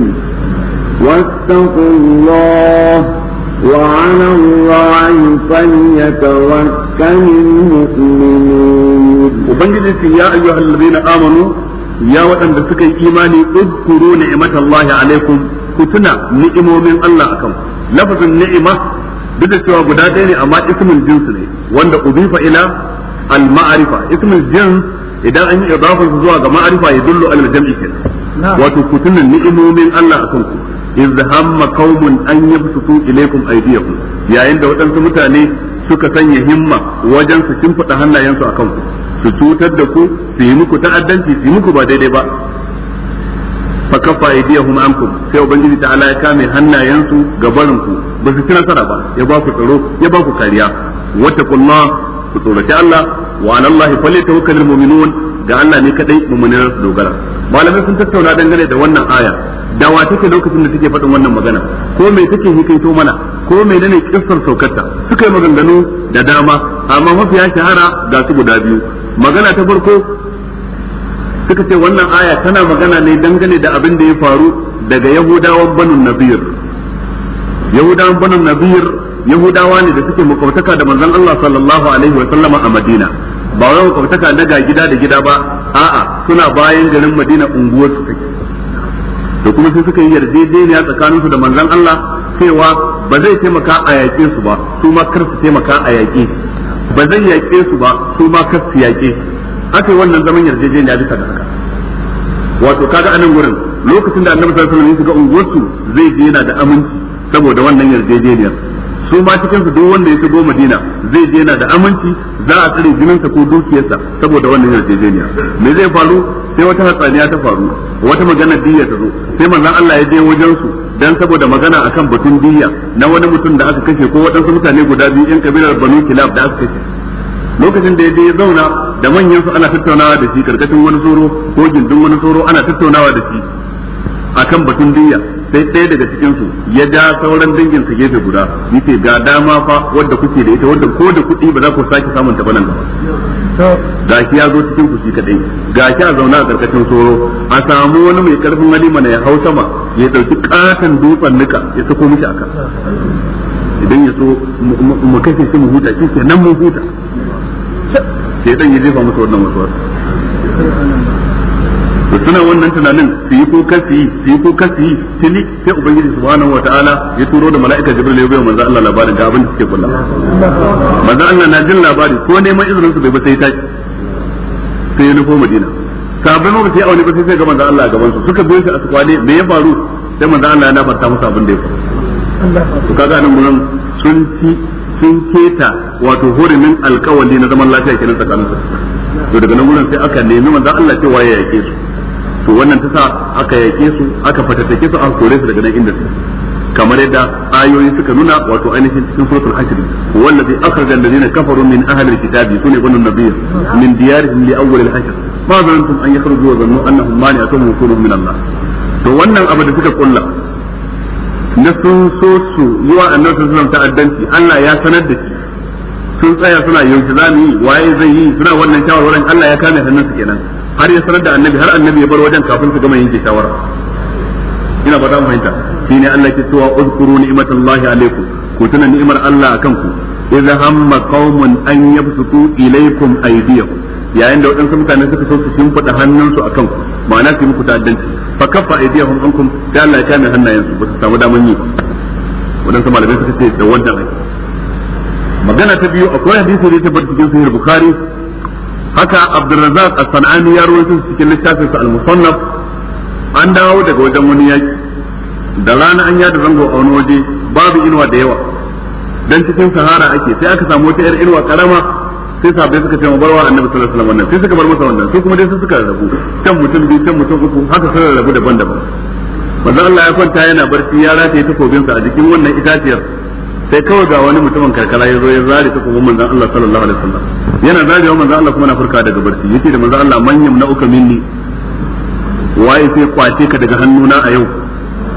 واتقوا الله وعلى الله فليتوكل المؤمنون وبنجد يا أيها الذين آمنوا يا وطن بسكي إيماني اذكروا نعمة الله عليكم كتنا نعمة من الله أكم لفظ النعمة duk da cewa guda ɗaya ne amma ismul jinsu ne wanda ubifa ila al ma'rifa ismul jins idan an yi idafar zuwa ga maarifa ya dullu al jam'i kenan wato kutunan ni'imomin Allah akan ku iz hamma qaumun an yabsutu ilaykum aydiyahum yayin da waɗansu mutane suka sanya himma wajen su shimfiɗa hannayensu akan ku su cutar da ku su yi muku ta'addanci su yi muku ba daidai ba fa kafa aydiyahum ankum sai ubangiji ta'ala ya kame hannayensu ga barin ku ba su ci nasara ba ya ba ku tsaro ya ba ku kariya wattaqullah ku tsoraci Allah wa ala ta falyatawakkalul mu'minun ga Allah ne kadai mu'minai dogara malamai sun tattauna dangane da wannan aya da wa take lokacin da take faɗin wannan magana ko me take hikaito mana ko me ne kissar saukarta suka yi maganganu da dama amma mafiya shahara ga su guda biyu magana ta farko suka ce wannan aya tana magana ne dangane da abin da ya faru daga yahudawan banu Nabiyar. yahudawan banu Nabiyar yahudawa ne da suke makwabtaka da manzon Allah sallallahu alaihi wa sallama a Madina ba wai makwabtaka daga gida da gida ba a'a suna bayan garin Madina unguwar su take da kuma sai suka yi yarjejeniya tsakanin su da manzon Allah cewa ba zai taimaka a yaƙe su ba su ma kar su taimaka a yaƙe shi ba zai yaƙe su ba su ma kar su yaƙe shi aka yi wannan zaman yarjejeniya bisa da haka wato kaga anan gurin lokacin da annabi sallallahu alaihi wasallam ya shiga unguwarsu zai je yana da aminci saboda wannan yarjejeniyar su ma cikin su duk wanda ya shigo Madina zai je yana da aminci za a tsare jininsa ko dukiyarsa saboda wannan yarjejeniya me zai faru sai wata hatsaniya ta faru wata magana diyya ta zo sai manzon Allah ya je wajen su dan saboda magana akan batun diyya na wani mutum da aka kashe ko wadansu mutane guda biyu yan kabilar Banu Kilab da aka kashe lokacin da ya je ya zauna da manyan su ana tattaunawa da shi karkashin wani tsoro ko gindin wani tsoro ana tattaunawa da shi akan batun diyya sai ɗaya daga cikin su ya da sauran dangin su gefe guda yace ga dama fa wadda kuke da ita wadda ko da kuɗi ba za ku sake samun ta ba nan gashi ya zo cikin kusi shi kadai gashi a zauna a karkashin soro a samu wani mai karfin hali mana ya hau sama ya dauki katon dutsen nika ya sako mishi aka idan ya so mu kashe shi mu huta shi ke nan mu huta sai dan ya jefa musu wannan wasu to suna wannan tunanin su yi su yi su yi su yi tuni sai ubangiji subhanahu wataala ya turo da mala'ika jibril ya bayyana manzo Allah labarin ga abin da suke kullum manzo Allah na jin labari ko neman izinin su bai ba sai tashi sai ya nufo Madina sabai ma sai aure ba sai sai ga manzo Allah a gaban su suka bi shi a tsakwale me ya faru sai manzo Allah ya nafarta musu abin da ya faru to kaga nan gurin sun ci sun keta wato hurumin alkawali na zaman lafiya kenan tsakanin su to daga nan gurin sai aka nemi manzo Allah cewa ya yake su to wannan tasa sa aka yake su aka fatattake su aka kore su daga nan inda su kamar yadda ayoyi suka nuna wato ainihin cikin suratul hashr wallazi akhraja alladhina kafaru min ahli alkitabi sunay ibn nabiy min diyarihim li awwal alhashr ma zanantum an yakhruju wa zannu annahum mani'atun wusulun min Allah to wannan abu da suka kulla na sun so su yi wa annabi sallallahu alaihi ta'addanci Allah ya sanar da shi sun tsaya suna yaushe zamu yi waye zai yi suna wannan shawarwarin Allah ya kame hannunsu kenan har ya sanar da annabi har annabi ya bar wajen kafin su gama yanke shawara ina ba mu fahimta shine Allah ke cewa uzkuru ni'matallahi alaikum ku tuna ni'imar Allah idza hamma qaumun an yabsutu aydiyahum yayin da waɗansu mutane suka so su shimfiɗa hannunsu a kanku ma'ana su yi muku ta'addanci fa kaffa aydiyahum ankum Allah ya kame hannayensu ba su samu yi waɗansu malamai suka ce da wannan magana ta biyu akwai hadisi da ya tabbata cikin sahih bukhari haka Abdurrazzaq as-Sanani ya rawaito cikin littafin sa al-Musannaf an dawo daga wajen wani yaki da rana an yada zango a wani waje babu inuwa da yawa dan cikin sahara ake sai aka samu wata yar inuwa karama sai sabai suka ce barwa annabi sallallahu alaihi wasallam wannan sai suka bar masa wannan sai kuma dai sai suka rabu can mutum biyu can mutum uku haka sai rabu daban-daban manzo Allah ya kwanta yana barci ya rataye sa a jikin wannan itaciyar sai kawai ga wani mutumin karkara ya zo ya zare ta kuma manzon Allah sallallahu alaihi wasallam yana zarewa manzon Allah kuma na furka daga barci yace da manzon Allah manyan na uka minni waye sai kwace ka daga hannuna a yau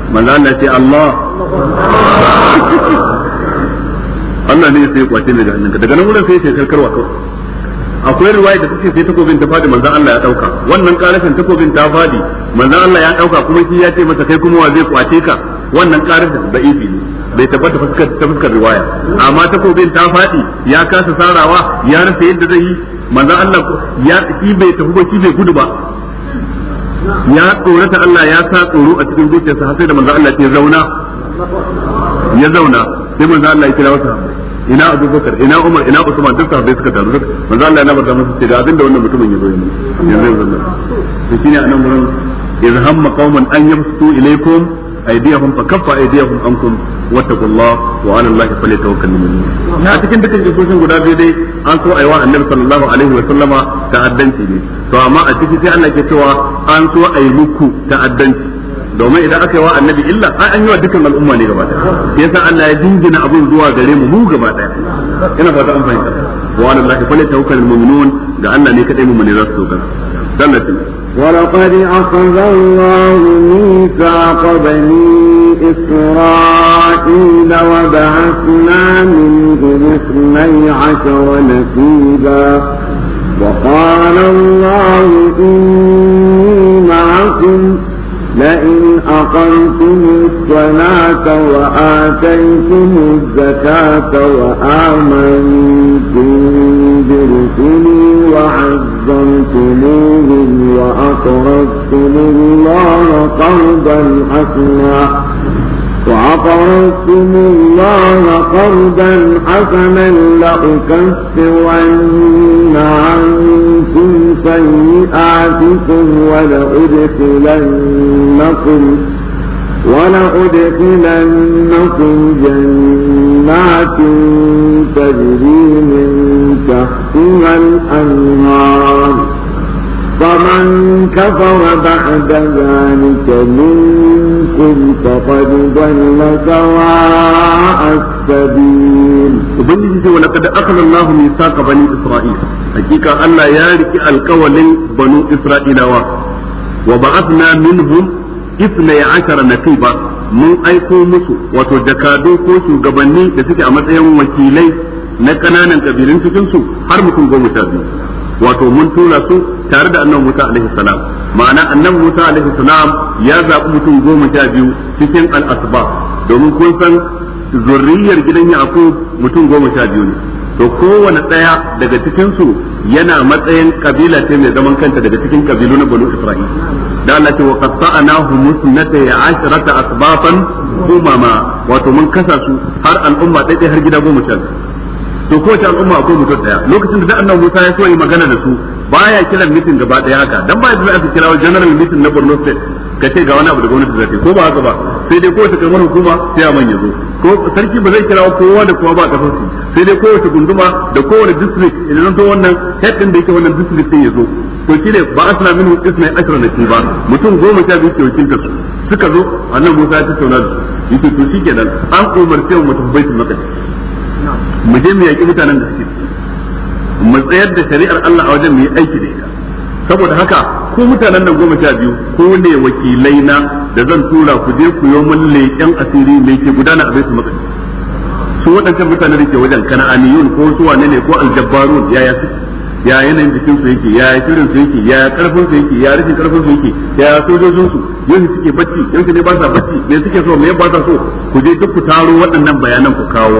manzon Allah sai Allah Allah ne sai kwace ni daga hannunka daga nan wurin sai sai karkarwa to akwai riwaya da take sai takobin ta fadi manzon Allah ya dauka wannan karashin takobin ta fadi manzon Allah ya dauka kuma shi ya ce masa kai kuma wa zai kwace ka wannan karashin da'ifi ne bai tabbata fuskar ta fuskar riwaya amma takobin ta faɗi ya kasa sarawa ya rasa yadda zai yi Allah ya shi bai tafi ba shi bai gudu ba ya tsorata Allah ya sa tsoro a cikin zuciyarsa har sai da Allah ya zauna ya zauna sai Allah ya kira wasa ina Abu Bakar ina Umar ina Usman duk suka taru Allah ya musu abinda wannan mutumin ya zo to shine anan gurin idh hamma qauman an yabsutu ilaykum aydiyahum fa kaffa aydiyahum ankum واتقوا الله وعلى الله فليتوكل المؤمنون na cikin dukkan jikokin guda biyu dai an so aiwa annabi sallallahu alaihi wa sallama ta'addanci ne to amma a ciki sai Allah ke cewa an so ayi muku ta'addanci domin idan aka yi wa annabi illa ai an yi wa dukkan al'umma ne gaba daya yasa Allah ya dingina abin zuwa gare mu mu gaba daya ina fata an fahimta wa ala Allah falyatawakkal almu'minun ga Allah ne kadai mu ne za su dogara dan Allah ولقد أخذ الله ميثاق بني إسرائيل وبعثنا منهم اثني عشر نسيبا وقال الله إني معكم لئن أقمتم الصلاة وآتيتم الزكاة وآمنتم برسلي وعزمتموهم وأقرضتم الله قرضا حسنا وعقرتم الله قرضا حسنا لأكفرن عنكم سيئاتكم ولأدخلنكم ولأدخلنكم جنات تجري من تحتها الأنهار فمن كفر بعد ذلك منكم إذ فقد ضل سواء السبيل وبنجي ولقد أخذ الله ميثاق بني إسرائيل حقيقة أن يا القول بنو إسرائيل وبعثنا منهم اثني عشر نقيبا mun aiko musu wato jakadu ko shugabanni da suke a matsayin wakilai na kananan kabilun cikinsu har mutum goma sha biyu wato mun tura su tare da annabi Musa alaihi salam ma'ana annabi Musa alaihi salam ya zaɓi mutum goma sha biyu cikin al-asba domin kun san zurriyar gidan Yaqub mutum goma sha biyu ne to kowane ɗaya daga cikin su yana matsayin kabila ce mai zaman kanta daga cikin kabilu na Banu Isra'il da Allah ce wa qatta'nahu musnata ya ashrata asbatan umama wato mun kasa su har al'umma daidai har gida goma sha biyu to kowace al'umma akwai mutum daya lokacin da annabi Musa ya so yi magana da su baya kiran mitin gaba daya haka dan ba da aka kira general mitin na Borno state ka ce ga wani abu da gwamnati zai ko ba haka ba sai dai kowace karamar hukuma sai a manya zo ko sarki ba zai kira kowa da kowa ba a kasar sai dai kowace gunduma da kowane district idan to wannan head din da yake wannan district din ya zo to ne ba asna minhu isna ashra nasiba mutum goma sha biyu ke wakiltar su suka zo annabi Musa ya tattauna da su yace to shikenan an umarce mu mutum baitul maqdis mu je mu yaƙi mutanen da suke mu tsayar da shari'ar Allah a wajen mu yi aiki da ita saboda haka ko mutanen nan goma sha biyu ko ne wakilai na da zan tura ku je ku yi mun leƙen asiri me ke gudana a baitul maqdis su waɗancan mutane da ke wajen kana'aniyun ko su wane ne ko aljabbarun yaya su ya yanayin jikin su yake ya shirin su yake ya karfin su yake ya rashin karfin su yake ya sojojin su yanzu suke bacci yanzu ne ba sa bacci me suke so me ba sa so ku je duk ku taro waɗannan bayanan ku kawo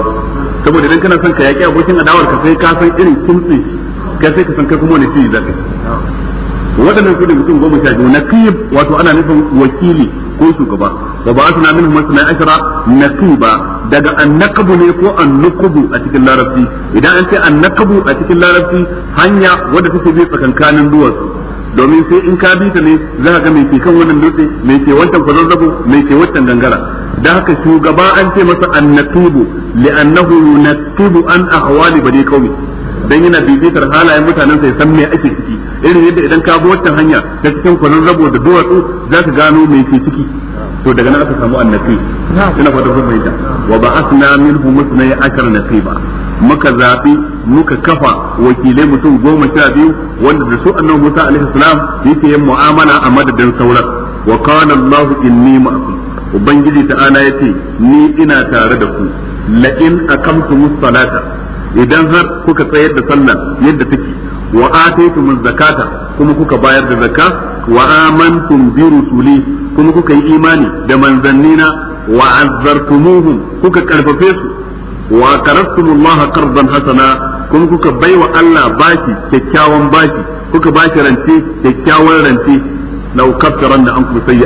saboda idan kana son ka yaki abokin adawar ka sai ka san irin kimtsin shi kai sai ka san kai kuma wani shi zaka waɗannan su ne mutum goma sha biyu naqib wato ana nufin wakili ko shugaba wa ba asna minhum masna ashara naqiba daga annaqbu ne ko annuqbu a cikin larabci idan an ce annaqbu a cikin larabci hanya wadda take bi tsakankanin duwatsu domin sai in ka bi ta ne za ka ga mai ke kan wannan dutse mai ke wancan kwazazzabo mai ke wancan gangara da haka shugaba an ce masa annatubu li'annahu yunatibu an ahwali bani kawai dan yana bibitar halayen mutanen sai san me ake ciki irin yadda idan ka bi waccan hanya ta cikin kwanan rabo da duwatsu za ka gano me ke ciki to daga nan aka samu annabi ina fata kun fahimta wa ba'athna minhum musnay ashar nasiba muka zabi muka kafa wakilai mutum goma sha biyu wanda da su annabi Musa alaihi salam yake yin mu'amala a madadin sauran wa qala Allahu inni ma'akum ubangiji ta'ala ya ce ni ina tare da ku la'in akamtumus musalata idan har kuka tsayar da sallah yadda take wa ataytumuz zakata kuma kuka bayar da zakka wa amantum bi rusuli kuma kuka yi imani da manzannina wa azzartumuhum kuka karfafe su wa qarastumullaha qardan hasana kuma kuka baiwa Allah bashi kyakkyawan bashi kuka bashi rance kyakkyawan rance lau kaftaran da an ku sayi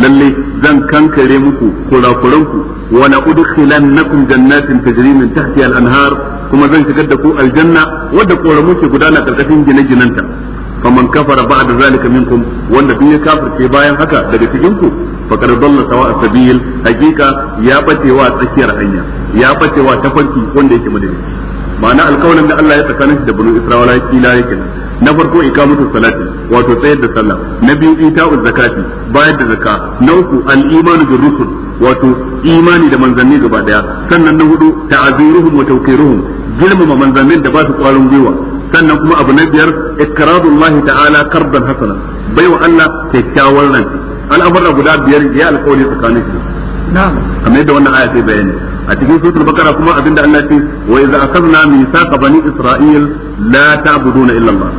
lalle zan kankare muku kurakuranku wa na udkhilannakum jannatin tajri min tahtiha al-anhar kuma zan shigar da ku aljanna wadda koramu ke gudana karkashin gine-ginanta faman kafara ba'da zalika minkum wanda duk ya kafirce bayan haka daga cikin ku faqad dalla sawa sabil hakika ya bacewa tsakiyar hanya ya bacewa tafanki wanda yake madalici ma'ana alkawarin da Allah ya tsakanin da banu Isra'ila kila yake na farko ikamatu salati wato tsayar da sallah na biyu ita'u zakati bayar da zaka na uku al iman bir rusul wato imani da manzanni gaba daya sannan na hudu ta'aziruhum wa tawqiruhum girmama manzannin da ba su kwarin gwiwa sannan kuma abu na biyar ikrarullahi ta'ala karban hasana baiwa Allah kyakkyawar ranci al'amuran guda biyar ya alƙawari tsakanin su kamar yadda wannan aya ta bayani a cikin suratul bakara kuma abinda Allah ce wa idza akhadna mithaqa bani isra'il la ta'buduna illa Allah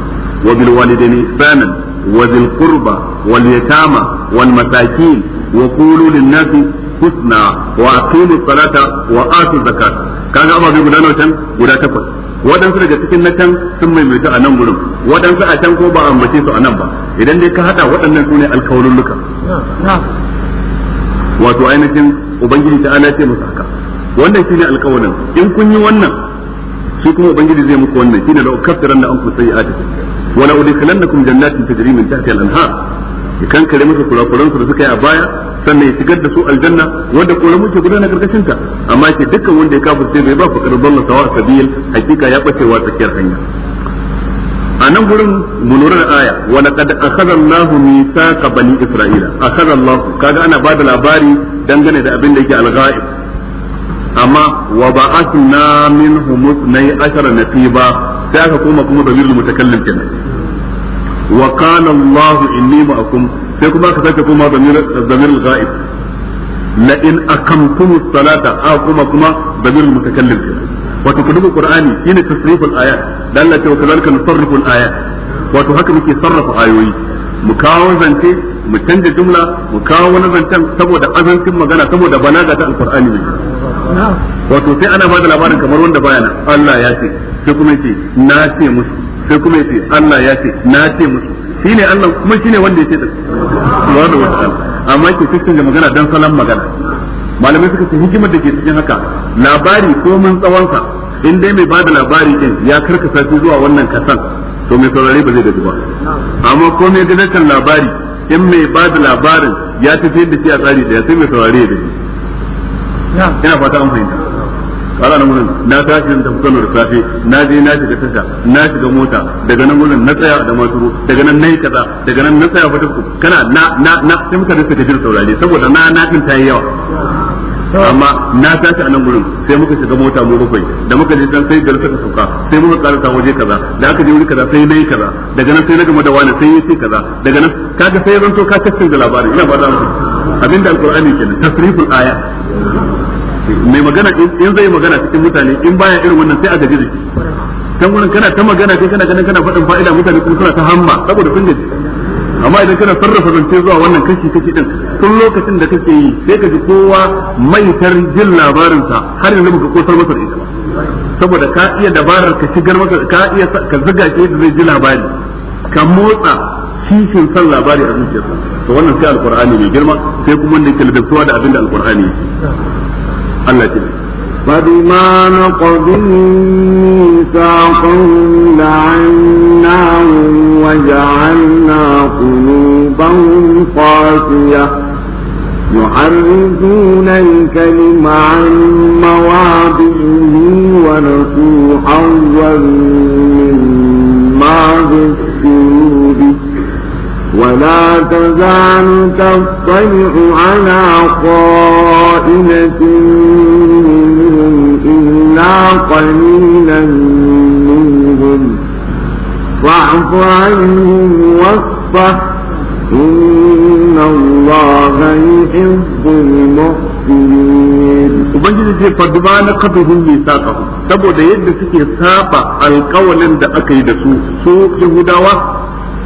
wa bil walidayni ihsanan wa dhil qurba wal yatama wal masakin wa qulu lin nasi husna wa aqimu salata wa atu zakat kaga ababe guda nawa can guda takwas waɗansu daga cikin na can sun maimaita a nan gurin waɗansu a can ko ba a ambace su a nan ba idan dai ka haɗa waɗannan su ne alkawalulluka wato ainihin ubangiji ta ala ce musu haka wannan shine alkawarin in kun yi wannan shi kuma ubangiji zai muku wannan shine la ukaffiran da anku sayi'atikum wa la udkhilannakum jannatin tajri min tahtiha al-anhar Kan kankare musu kurakuran su da suka yi a baya sannan ya shigar da su aljanna wanda kore muke gudana karkashin ta amma ke dukkan wanda ya kafirce bai ba fa karballa sawa sabil hakika ya bacewa tsakiyar hanya a nan gurin munurar aya wa laqad akhadha Allahu mithaqa bani Isra'ila akhadha Allahu kaga ana bada labari dangane da abin da yake al-ghaib amma wa ba a suna min na yi ba'athna na fi ba sai aka koma kuma da damirul mutakallim kenan wa qala Allah inni ma'akum sai kuma aka sake koma da damirul ghaib la in akamtum as-salata a kuma kuma damirul mutakallim kenan wato ku duba qur'ani shine tasriful ayat dan Allah ta wa kadhalika nusarrifu al-ayat wato haka muke sarrafa ayoyi mu kawo zance mu canja jumla mu kawo wani zancen saboda azancin magana saboda balaga ta alqur'ani ne. wato sai ana ba da labarin kamar wanda baya na Allah ya ce sai kuma yace na ce musu sai kuma yace Allah ya ce na ce musu shine Allah kuma shine wanda yace da wanda wata amma ke cikin da magana dan salan magana malamai suka ce hikimar da ke cikin haka labari ko mun tsawonsa in dai mai bada labari din ya karkasa shi zuwa wannan kasan to mai saurare ba zai gaji ba amma ko mai gidan labari in mai bada labarin ya tafi da shi a tsari da ya sai mai saurare ya gaji ina fata an fahimta kala nan gurin na tashi da Kano da safe na je na shiga tasha na shiga mota daga nan gurin na tsaya da maturu daga nan nayi kaza daga nan na tsaya fata kana na na na sai muka rasa gajin saurare saboda na na din tayi yawa amma na tashi a nan gurin sai muka shiga mota mu bakwai da muka je can sai garin suka sauka sai muka ta waje kaza da aka je wuri kaza sai nayi kaza daga nan sai na gama da wani sai yi kaza daga nan kaga sai zanto ka da labarin ina ba da abinda alkur'ani kenan tasriful aya mai magana in zai magana cikin mutane in baya irin wannan sai a gaji da shi kan wurin kana ta magana kai kana ganin kana faɗin fa'ida mutane kuma suna ta hamma saboda sun gaji amma idan kana sarrafa zance zuwa wannan kashi kashi din tun lokacin da kake yi sai ka ji kowa maitar jin labarinsa har yanzu baka kosar masa da ita saboda ka iya dabarar ka shigar masa ka iya ka zuga shi yadda zai ji labari ka motsa kishin san labari a zuciyarsa to wannan sai alqur'ani mai girma sai kuma wanda yake da da abinda alqur'ani yake الله جل فبما نقضي ميثاقهم لعناهم وجعلنا قلوبهم قاسية يحرفون الكلم عن مواضعه ونسوا حظا مما ذكروا به ولا تزال تطلع على خائنة منهم إلا قليلا منهم فاعف عنهم واصفح إن الله يحب المحسنين Ubangiji ce faduba na kafihun mai saƙa saboda yadda suke saba alkawalin da aka yi da su su Yahudawa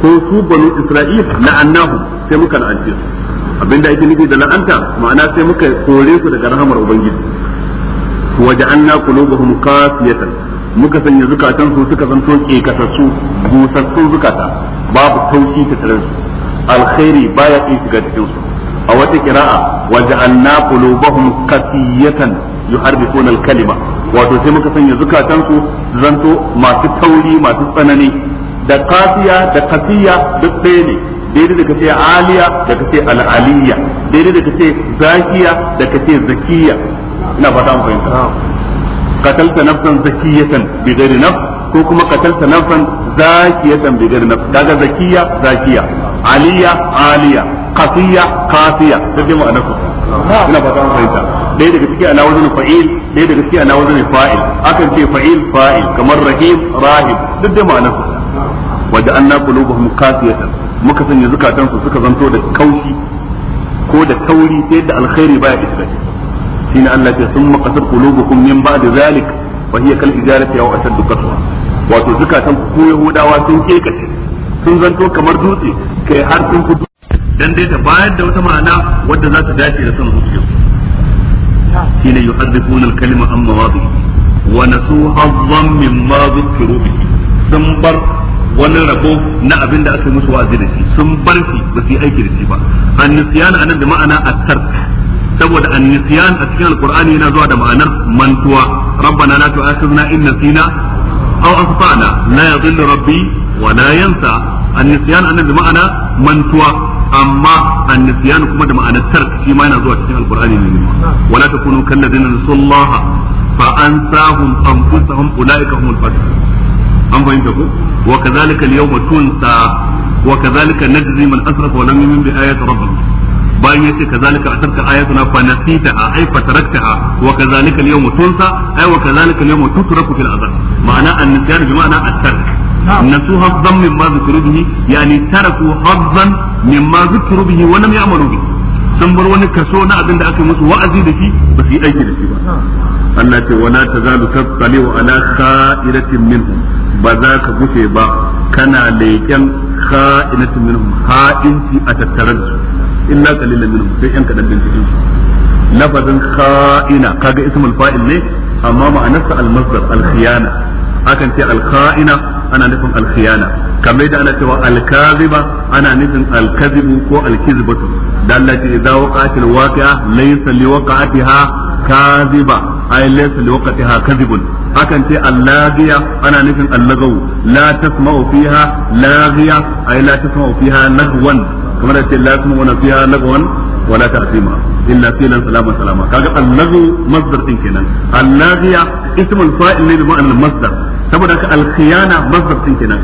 ko su banu isra'il la'annahu sai muka la'ance su abinda ake nufi da la'anta ma'ana sai muka kore su daga rahamar ubangiji wa ja'alna qulubuhum qasiyatan muka sanya zukatan su suka zanto kekasassu busassun zukata babu taushi ta tare su alkhairi baya kai shiga cikin su a wata kira'a wa ja'alna qulubuhum qasiyatan yuharrifuna al-kalima wato sai muka sanya zukatan su zanto masu tauri masu tsanani da kafiya da kafiya duk ɗaya ne daidai da kace aliya da kace al'aliya daidai da kace zakiya da kace zakiya ina fata mu fahimta qatalta nafsan zakiyatan bi ghairi nafs ko kuma qatalta nafsan zakiyatan bi ghairi nafs daga zakiya zakiya aliya aliya qafiya qafiya duk dai ma'anar su ina fata mu fahimta dai daga ciki ana wajen fa'il dai daga ciki ana wajen fa'il akan ce fa'il fa'il kamar rahim rahim duk dai ma'anar su waja'alna qulubuhum qasiyatan muka sanya zukatansu su suka zanto da kaushi ko da kauri sai da alkhairi baya iska shi shine Allah ya summa qasar qulubukum min ba'd zalik wa hiya kal ijarati aw ashaddu qaswa wato zukatan ku yahudawa sun kekace sun zanto kamar dutse kai har sun fito dan dai ta bayar da wata ma'ana wadda za ta dace da san son shi ne yuhaddithuna al-kalima amma mawadi wa nasu hazzan mimma dhukiru bihi sun bar wannan rabo na abin da aka yi musu wa'azi da shi sun bar shi ba su yi aiki da shi ba annisyan anan da ma'ana at-tark saboda annisyan a cikin alqur'ani yana zuwa da ma'anar mantuwa rabbana la tu'akhidhna in nasina aw akhtana la yadhillu rabbi wa la yansa annisyan anan da ma'ana mantuwa amma annisyan kuma da ma'anar tark shi ma yana zuwa cikin alqur'ani ne wala takunu kallazina nasullaha fa ansahum anfusahum ulaika humul fasiqun an fahimta ko wa kadhalika al-yawma tunsa wa kadhalika najzi man asrafa wa lam yu'min bi ayati rabbih bayan yace kadhalika atarka ayatuna fa nasitaha ay fataraktaha wa kadhalika al-yawma tunsa ay wa kadhalika al-yawma tutraku fil azab ma'ana an-nisyan bi ma'ana at-tark nasu hazzan mimma zikru bihi yani taraku hazzan mimma zikru bihi wa lam ya'malu bihi sun bar wani kaso na abin da aka musu wa'azi da shi ba su yi aiki da shi ba Allah ce wala tazalu wa ala kha'iratin minhum ba za ka gushe ba kana leƙen kha'inatu minhum ha'inci a tattare da su illa qalilan minhum sai yan kadan din cikin su lafazin kha'ina kaga ismul fa'il ne amma ma'anarsa al-masdar al-khiyana akan ce al-kha'ina ana nufin al-khiyana kamar da ana cewa al-kaziba ana nufin al-kazibu ko al-kizbatu da Allah ce idza waqa'atil waqi'a laysa liwaqa'atiha kaziba ay laysa liwaqtiha kadhibun hakan ce allagiya ana nufin allagaw la tasma'u fiha lagiya ay la tasma'u fiha lagwan kamar da ce la tasma'u fiha lagwan wala ta'sima illa qilan salama salama kaga allagu masdar din kenan allagiya ismul fa'il ne bi ma'anar masdar saboda ka alkhiyana masdar din kenan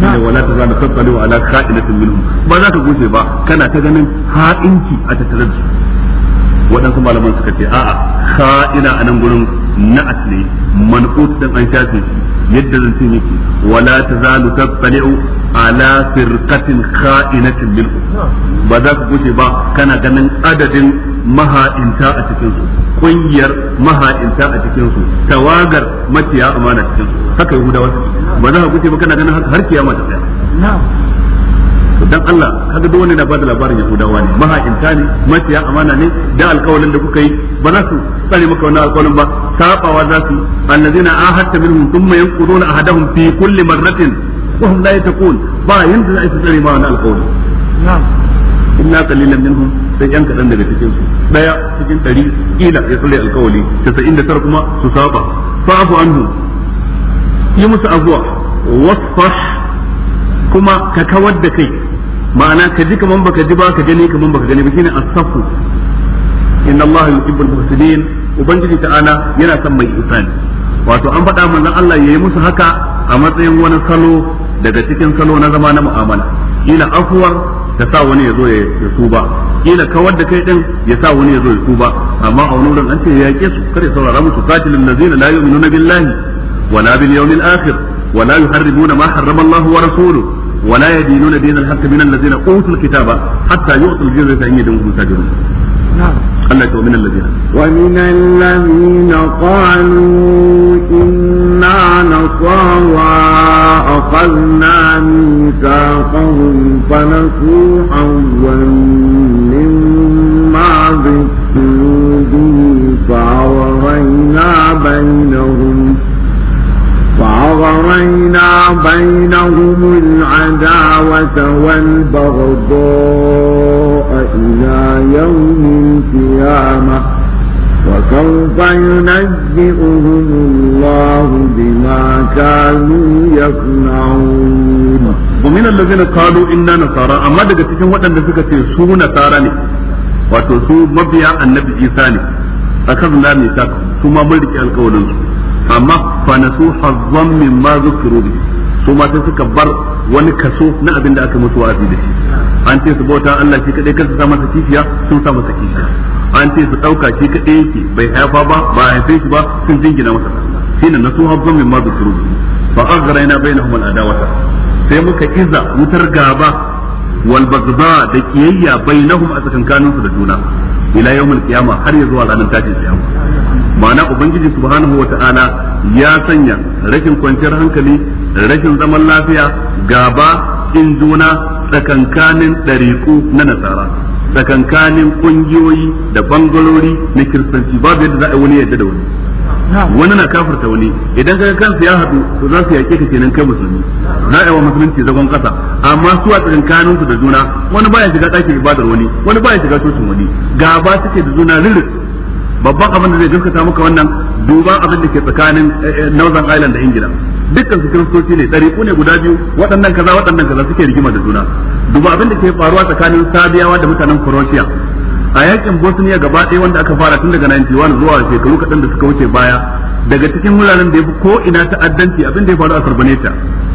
shine wala ta zana tattali wa ala kha'ilatin minhum ba za ka goce ba kana ta ganin ha'inci a tattare da su waɗansu malaman suka ce a'a kha'ila a nan gurin na'at ne man'ut dan an shafe shi yadda zan ce miki wala ta zalu tattali'u ala firqatin kha'inatin minhum ba za ka goce ba kana ganin adadin maha'inta a cikin su kungiyar maha'inta a cikin su tawagar maciya amana cikin su haka yahudawa su ba za ka gushe ba kana ganin haka har kiyama ta tsaya dan Allah kaga duk wanda na bada labarin Yahudawa ne maha'inta ne maciya amana ne da alƙawarin da kuka yi ba za su tsare maka wannan alƙawarin ba sabawa za su allazina ahadta minhum thumma yanquduna ahadahum fi kulli marratin wa hum la yataqun ba yanda za su tsare ma wannan alƙawari na'am inna qalilan minhum sai yan kadan daga cikin su daya cikin 100 kila ya tsare alƙawari 99 kuma su saba fa'fu anhum yi musu abuwa wasfah kuma ka kawar da kai ma'ana ka ji kaman baka ji ba ka gani kaman baka gani ba shine asafu inna allaha yuhibbul muhsinin ubangiji ana yana son mai ihsani wato an faɗa manzon Allah yayi musu haka a matsayin wani salo daga cikin salo na zama na mu'amala kila afuwar ta sa wani ya zo ya tuba kila kawar da kai din ya sa wani ya zo ya tuba amma a wani wurin an ce ya yake su kare saurara musu qatilul ladzina la yu'minuna billahi ولا باليوم الآخر ولا يحرمون ما حرم الله ورسوله ولا يدينون دين الحق من الذين أوتوا الكتاب حتى يعطوا الجزية نعم. أن يد وهم ساجدون الله ومن الذين ومن الذين قالوا إنا نصارى أخذنا ميثاقهم فنسوا حظا مما ذكروا به فأغرينا بينهم فأغرينا بينهم العداوة والبغضاء إلى يوم القيامة وسوف ينبئهم الله بما كانوا يصنعون ومن الذين قالوا إنا نصارى أما دقا تكون وطن دقا تسوه نصارى وتسوه مبيع النبي إيساني أخذنا نساك ثم ملك القولنسو amma fa nasu hazzan mimma zukiru bihi su ma sai suka bar wani kaso na abin da aka mutu wa'azi da shi an ce su bauta Allah shi kadai kansa sa masa kishiya sun sa masa kishiya an ce su dauka shi kadai yake bai haifa ba ba haife shi ba sun jingina masa shine nasu hazzan mimma zukiru bihi fa aghrayna bainahum al-adawata sai muka iza wutar gaba والبغضاء da kiyayya bainahum a tsakankanin su da juna ila yawmul qiyama har ya zuwa ranar tashin kiyama ma'ana ubangiji subhanahu wata'ala ya sanya rashin kwanciyar hankali rashin zaman lafiya gaba in juna tsakankanin ɗariku na nasara tsakankanin ƙungiyoyi da bangalori na kiristanci babu yadda za a wani yadda da wani wani na kafarta wani idan ka kansu ya haɗu to za su yaƙe ka kenan kai musulmi za a yi wa musulunci zagon ƙasa amma su a tsakankanin su da juna wani baya shiga ɗakin ibadar wani wani baya shiga cocin wani gaba suke da juna lirik babban abin da zai gaskata muka wannan duba abin da ke tsakanin eh, eh, Northern island da Ingila dukkan su kiristoci ne ɗariƙu ne guda biyu waɗannan kaza waɗannan kaza suke rigima da juna duba abin da ke faruwa tsakanin Sabiyawa da mutanen Croatia a yakin Bosnia gaba ɗaya wanda aka fara tun daga 91 zuwa shekaru kaɗan da suka wuce baya daga cikin wuraren da ya fi ko ina ta'addanci abin da ya faru a Sarbaneta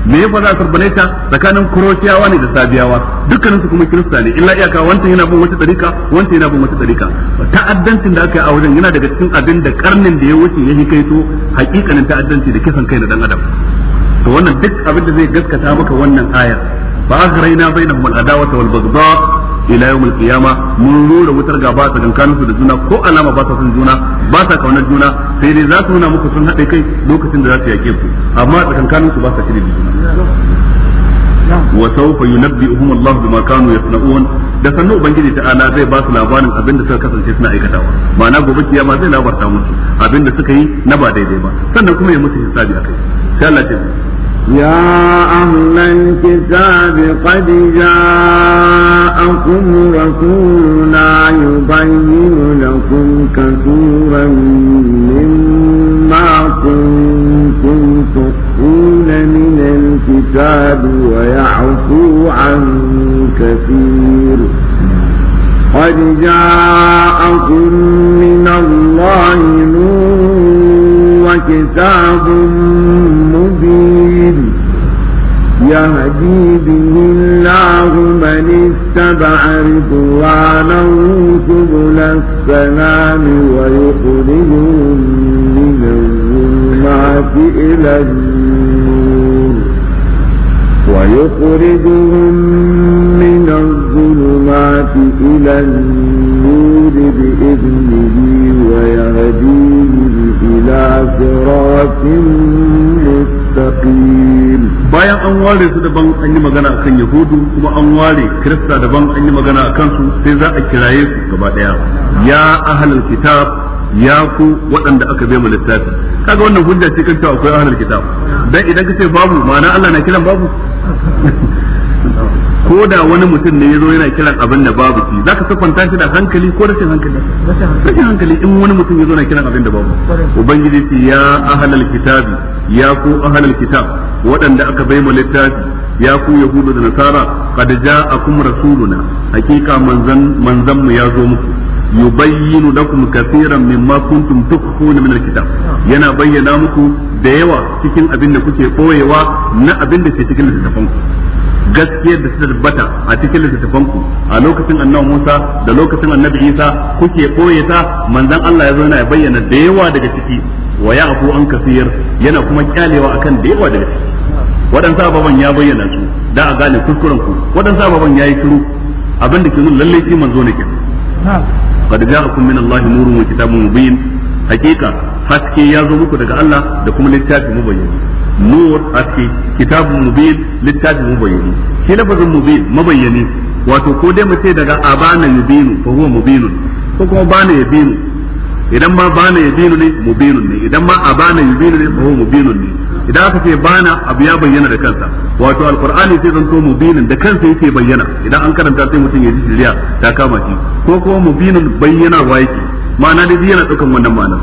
me ya faru a Sarbaneta tsakanin Kuroshiyawa ne da Sabiyawa dukkanin su kuma Kirista ne illa iyaka wancan yana bin wata tarika wancan yana bin wata tarika ta'addancin da aka yi a wajen yana daga cikin abin da karnin da ya wuce ya yi kai to hakikanin ta'addanci da kisan kai na dan adam to wannan duk abin da zai gaskata maka wannan ayar fa raina bainahum al-adawata wal baghdha ila yawmil qiyama mun rura wutar gaba tsakankanin su da juna ko alama ba ta son juna ba ta kaunar juna sai dai za su nuna muku sun haɗe kai lokacin da za su yake ku amma tsakankanin su ba sa shirye juna wa sawfa yunabbi'uhum Allah bima kanu yasna'un da sannu ubangiji ta ala zai ba su labarin abin da suka kasance suna aikatawa ma'ana gobe kiyama zai labarta musu abin da suka yi na ba daidai ba sannan kuma ya musu hisabi akai sai Allah ya يا أهل الكتاب قد جاءكم رسولنا يبين لكم كثيرا مما كنتم تخفون من الكتاب ويعفو عن كثير قد جاءكم من الله نور وكتاب يهدي به الله من اتبع رضوانه سبل السلام ويخرجهم من الظلمات إلى النور ويخرجهم من الظلمات إلى النور بإذنه ويهديهم إلى صراط مستقيم bayan an ware su daban an yi magana akan yahudu kuma an ware kirista daban an yi magana akan su sai za a kiraye su gaba daya ya ahlul kitab ya ku waɗanda aka bai mu littafi kaga wannan hujja ce kan cewa akwai ahlul kitab dan idan kace babu ma'ana Allah na kiran babu ko da wani mutum ne yazo yana kiran abin da babu shi zaka siffanta shi da hankali ko rashin hankali rashin hankali in wani mutum yazo yana kiran abin da babu ubangiji ya ahlul kitab ya ku ahlul kitab waɗanda aka bai mu littafi ya ku yahudu da nasara qad ja'akum rasuluna hakika manzan manzan mu ya zo muku yubayyinu lakum kaseeran mimma kuntum tukhfuna min alkitab yana bayyana muku da yawa cikin abin da kuke boyewa na abin da ke cikin littafin ku gaskiyar da ta tabbata a cikin littafin ku a lokacin annabi Musa da lokacin annabi Isa kuke boye ta manzon Allah ya zo yana bayyana da yawa daga ciki wa ya afu an kaseer yana kuma kyalewa akan da yawa daga ciki waɗansu baban ya bayyana su da a gane kuskuren ku waɗansu ababan yayi shiru abinda ke nuna lalle shi manzo ne ke qad ja'akum min Allah nurun wa kitabun mubin hakika haske ya zo muku daga Allah da kuma littafi mubayyani nur haske kitabun mubin littafi mubayyani shi lafazin mubin mabayyani wato ko dai mu ce daga abana yubinu fa huwa mubinun ko kuma bana yubinu idan ma bana yabinu ne mubinun ne idan ma abana yabinu ne fa mubinun ne idan aka ce bana abu ya bayyana da kansa wato alqur'ani sai zanto mubinin da kansa yake bayyana idan an karanta sai mutum ya ji shiriya ta kama shi ko kuma mubinun bayyana wa yake ma'ana da yana daukan wannan ma'ana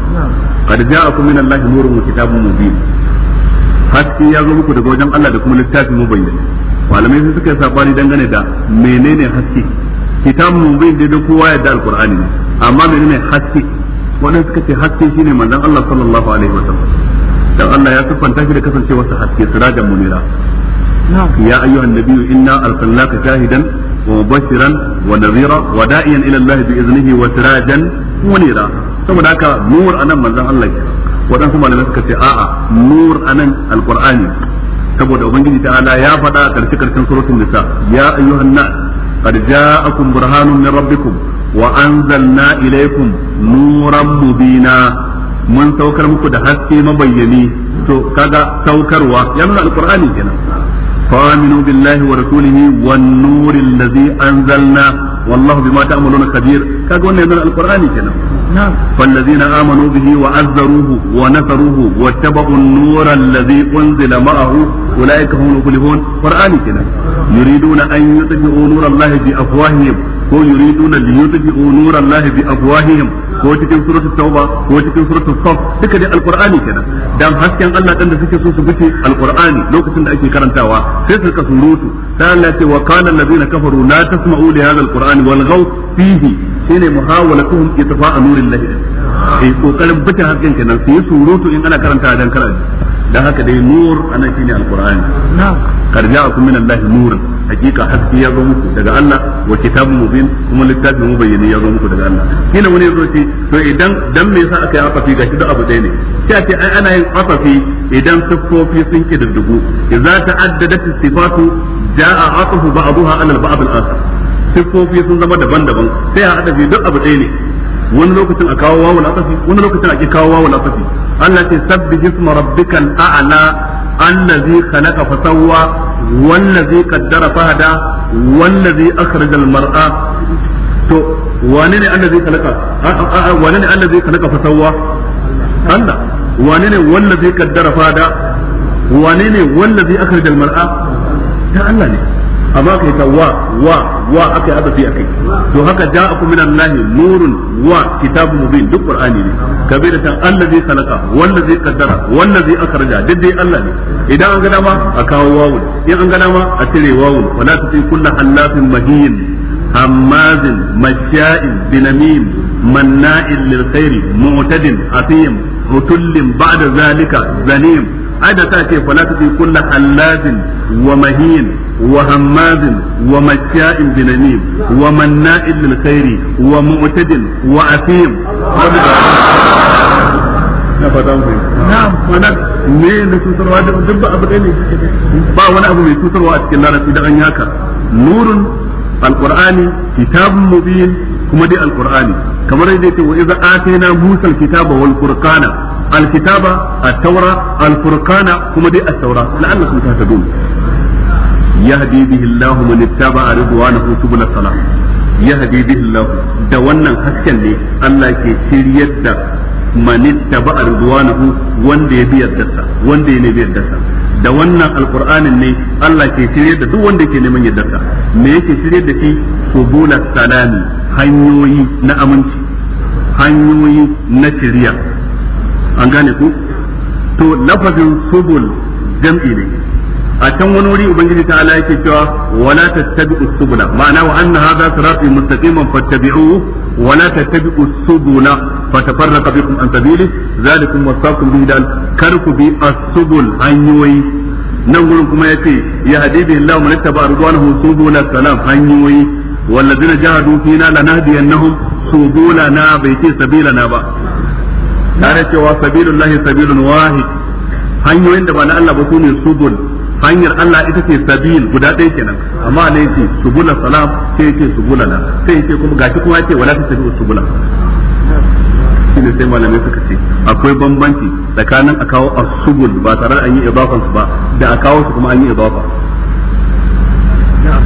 qad ja'akum min allahi nurun wa kitabun mubin haske ya zo muku daga wajen Allah da kuma littafi mu bayyana malamai sun suka yi sabani dangane da menene haske kitabun mubin dai da kowa ya da alqur'ani amma menene haske wannan suka ce haske shine manzon Allah sallallahu alaihi wasallam dan Allah ya siffanta shi da kasancewar sa haske sirajan munira ya ayyuhan nabiyyu inna arsalnaka shahidan wa mubashiran wa nadhira wa da'iyan ila Allah bi iznihi wa sirajan munira saboda haka nur anan manzon Allah ke waɗansu malamai suka ce a'a nur anan alqur'ani saboda ubangiji ta'ala ya faɗa a karshe karshen suratul nisa ya ayyuhan nas قد جاءكم برهان من ربكم wa anzalna ilaykum nuran mubina mun saukar muku da haske mabayyani to kaga saukarwa ya nuna alqur'ani kenan فآمنوا بالله ورسوله والنور الذي أنزلنا والله بما تعملون خبير كاقول من القرآن كنا فالذين آمنوا به وعزروه ونصروه واتبعوا النور الذي أنزل معه أولئك هم المفلحون قرآن كنا يريدون أن يطفئوا نور الله بأفواههم ko yuriduna li yudfi'u nurallahi bi afwahihim ko cikin suratul tauba ko cikin suratul saf duka dai alqur'ani kenan dan hasken Allah dan da suke so su bice alqur'ani lokacin da ake karantawa sai suka surutu dan Allah ce wa kana allazina kafaru la tasma'u li hadha alqur'ani wal ghaw fihi shine muhawalatuhum itfa'a nurillahi eh kokarin bice hasken kenan su surutu in ana karantawa dan karatu dan haka dai nur anan shine alqur'ani karja'akum min allahi nurun hakika haske ya zo muku daga Allah wa kitabun mubin kuma littafin mubayyani ya zo muku daga Allah kina wani yazo ce to idan dan me yasa aka yi afafi gashi da abu ɗaya ne sai a ce ai ana yin afafi idan siffofi sun kididdigu idza ta'addadat sifatu ja'a afafu ba'daha ala al-ba'd al-akhar siffofi sun zama daban-daban sai a hada duk abu ɗaya ne wani lokacin a kawo wawul asafi wani lokacin a ki kawo wawul asafi Allah ce sabbi jisma rabbikal a'la allazi khalaqa wallazi qaddara wallazi to wane ne allazi khalaqa wane ne allazi khalaqa Allah wane ne wallazi qaddara wane ne wallazi ta Allah ne amma kai ta wa wa wa akai adafi akai to haka ja ja'akum min Allah nurun wa kitabun mubin duk qur'ani ne kabira tan allazi khalaqa wallazi qaddara wallazi akhraja duk dai Allah ne idan an ga dama a kawo wawun in an ga dama a cire wawun wala tuti kullu hallafin mahin hammazin masha'in binamin manna'in lil khairi mu'tadin athim عتل بعد zalika زنيم ai da ta ce fala tuti kullu halladin wa mahin wa hammazin wa masya'in binanim wa manna'in lil khairi wa mu'tadin wa asim na fata mu na'am wannan ne da tutarwa da duk ba abu da ne ba wani abu mai tutarwa a cikin larabci da an yi haka nurun alqur'ani kitabun mubin kuma dai alqur'ani kamar yadda yake wa idza atayna musal kitaba wal furqana alkitaba at-taura al-furqana kuma dai at-taura la'allakum tahtadun yahdi bihi Allahu man ittaba ridwanahu subul salam yahdi bihi Allahu da wannan hasken ne Allah ke shiryar da man ittaba ridwanahu wanda ya biyar dasa wanda ya ne biyar dasa da wannan alqur'anin ne Allah ke shiryar da duk wanda ke neman yardarsa me yake shiryar da shi subul salami hanyoyi na aminci hanyoyi na shiriya an gane ku to lafazin subul jam'i ne a can wani wuri ubangiji ta ala yake cewa wala tattabi'u subula ma'ana wa anna hadha sirati mustaqiman fattabi'uhu wala tattabi'u subula fatafarraqa bikum an sabili zalikum wasaqum dal karku bi as-subul hanyoyi nan gurin kuma yace ya hadibi Allah man ittaba ridwanahu subula salam hanyoyi والذين جاهدوا فينا لنهدينهم ba tare cewa sabilullahi sabilun wahi hanyoyin da ba na Allah ba su ne subul hanyar Allah ita ce sabil guda ɗaya kenan amma ne yake subula salam sai yake subula la sai yake kuma gashi kuma yake wala tafi subula shi ne sai malamai suka ce akwai bambanci tsakanin a kawo a subul ba tare da an yi idafan su ba da a kawo su kuma an yi idafa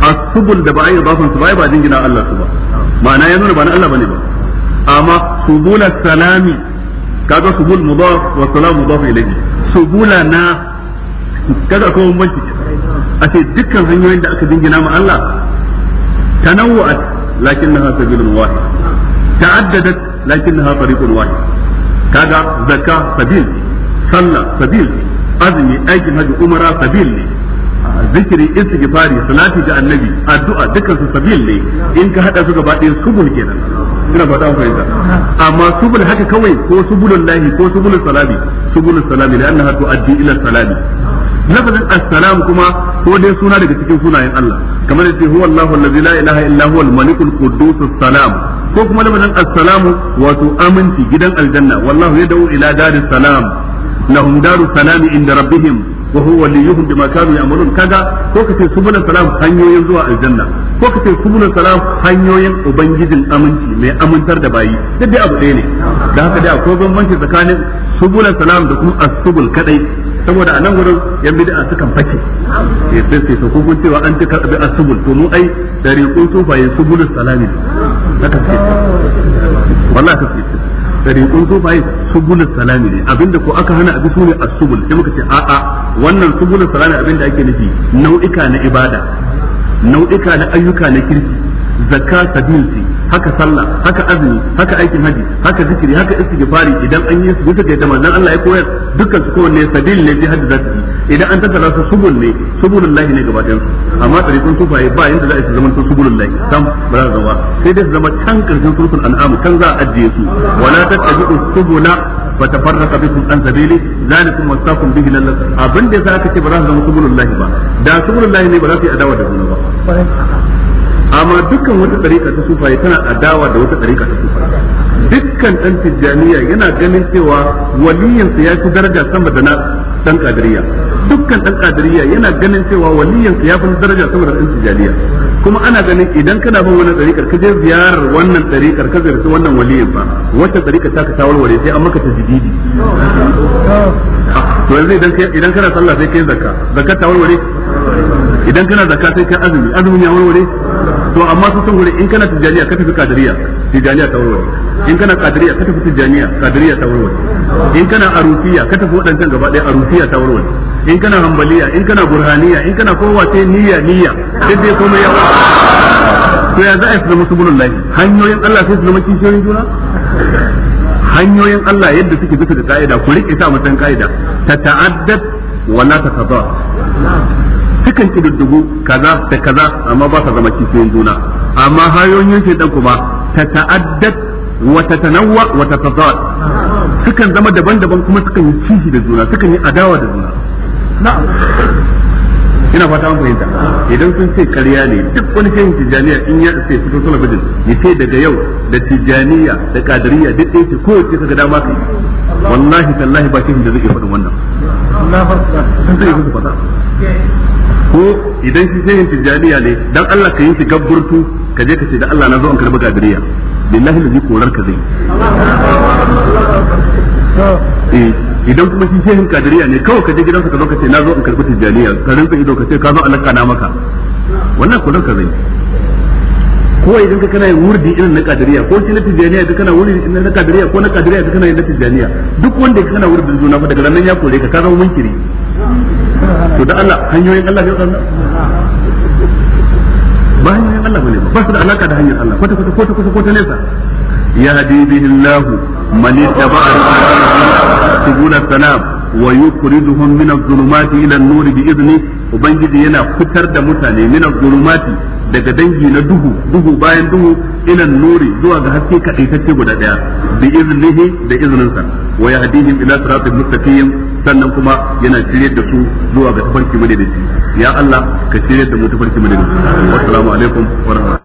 a subul da ba a yi idafan su ba ba jingina Allah su ba ma'ana ya nuna ba na Allah bane ba amma subula salami kaga subul mudaf wa salam mudaf ilayhi subula na kaga ko bambanci a ce dukkan hanyoyin da aka dingina ma Allah tanawwa'at lakinnaha sabilun wahid ta'addadat lakinnaha tariqun wahid kaga zakka sabil salla sabil azumi aikin hajji umara sabil ne zikiri istighfari salati da annabi addu'a dukkan su sabil ne in ka hada su gaba ɗaya subul kenan ina fata an fahimta amma subul haka kawai ko subulun lahi ko subulun salami subulun salami da annaha tu'addi ila salami lafazin assalam kuma ko dai suna daga cikin sunayen Allah kamar yace huwa Allahu allazi la ilaha illa huwa al-malikul quddus salam ko kuma lafazin assalamu wato aminci gidan aljanna wallahu yad'u ila daris salam lahum darus salami inda rabbihim wa huwa waliyuhum bima kanu ya'malun kaga ko kace subulun salam hanyoyin zuwa aljanna ko kace subulun salam hanyoyin ubangijin aminci mai amintar da bayi duk dai abu ɗaya ne da haka dai akwai bambanci tsakanin subulun salam da kuma as-subul kadai saboda a nan gurin yan bid'a sukan fake eh sai sai to kun cewa an ci karbi as-subul to mu ai dariqun sufaye subulus salami haka ce wallahi ta ce tariqun sufaye subulus salami ne abinda ko aka hana abi sune as-subul sai muka ce a'a wannan subulus salami abinda ake nufi nau'ika na ibada nau'ika na ayyuka na kirki zakka sabil ce haka sallah haka azumi haka aikin haji haka zikiri haka istighfari idan an yi su bisa ga manzon Allah ya koyar dukkan su kowanne sabil ne jihad Haji zaki idan an tattara su subul ne subulullahi ne gaba ɗayan su amma tariqun sufaye ba yanda za a su zaman su subulullahi sam ba za zama sai dai su zama can karshen suratul an'am kan za a ajiye su wala tattabi'u subula فتفرق بكم عن سبيله ذلكم وصاكم به لعلكم abin da yasa aka ce ba za su zama subulullahi ba da subulullahi ne ba za su yi adawa da juna ba amma dukkan wata ɗariƙa ta sufaye tana adawa da wata ɗariƙa ta sufaye dukkan ɗan tijjaniya yana ganin cewa waliyinsa ya fi daraja sama da na dan ƙadiriya dukkan dan ƙadiriya yana ganin cewa waliyinsa ya fi daraja sama da ɗan tijjaniya kuma ana ganin idan kana bin wannan ɗariƙar ka je ziyarar wannan ɗariƙar ka ziyarci wannan waliyin ba wata ɗariƙa ta ka wale sai an maka ta jididi to yanzu idan kana sallah sai kai zakka zakka ta wale. idan kana zakka sai kai azumi azumin ya warware to amma su san wuri in kana tijaniya ka tafi kadiriya tijaniya ta warware in kana kadiriya ka tafi tijaniya kadiriya ta warware in kana arusiya ka tafi wadancan gaba daya arusiya ta warware in kana hambaliya in kana burhaniya in kana kowa sai niyya niyya duk dai komai ya to ya za a musu zama subulun lahi hanyoyin Allah sai su zama kishiyoyin juna hanyoyin Allah yadda suke bisa da ka'ida ku rike ta mutan ka'ida ta ta'addat wala ta tadar dukan kididdigu kaza da kaza amma ba ta zama cikin juna amma hayoyin dan kuma ta ta'addat wa ta tanawwa wa ta tazad sukan zama daban-daban kuma sukan yi kishi da juna sukan yi adawa da juna na'am ina fata an fahimta idan sun ce karya ne duk wani shayin tijaniya in ya ce fito talabijin ya ce daga yau da tijaniya da kadariya duk ɗaya ce kowace ka dama kai wallahi tallahi ba shi da zai faɗin wannan ko idan shi shehin jaliya ne dan Allah ka yi shi gabburtu ka je ka ce da Allah na zo an karba gadiriya billahi lazi korar ka zai eh, idan kuma shi shehin kadiriya ne kawai ka je gidansa ka zo ka ce na zo in karbi tijjaniya ka rinsa ido ka ce ka zo alaka na maka wannan korar ka zai ko idan ka kana wurdi irin na kadiriya ko shi na tijaniya ka kana wurdi na kadiriya ko na kadiriya ka kana na tijaniya duk wanda ka kana wurdin na fa daga nan ya kore ka ka zama munkiri to da Allah hanyoyin Allah ne wadannan ba hanyoyin Allah bane ba su da alaka da hanyar Allah kwata kwata kwata kwata kwata ubangiji yana fitar da mutane min daga dangi na duhu duhu bayan duhu ila nuri zuwa ga haske kadaitacce guda daya bi iznihi da sa wa yahdihim ila siratin mustaqim sannan kuma yana shiryar da su zuwa ga tafarki madadaci ya Allah ka shiryar da mu tafarki madadaci assalamu alaikum wa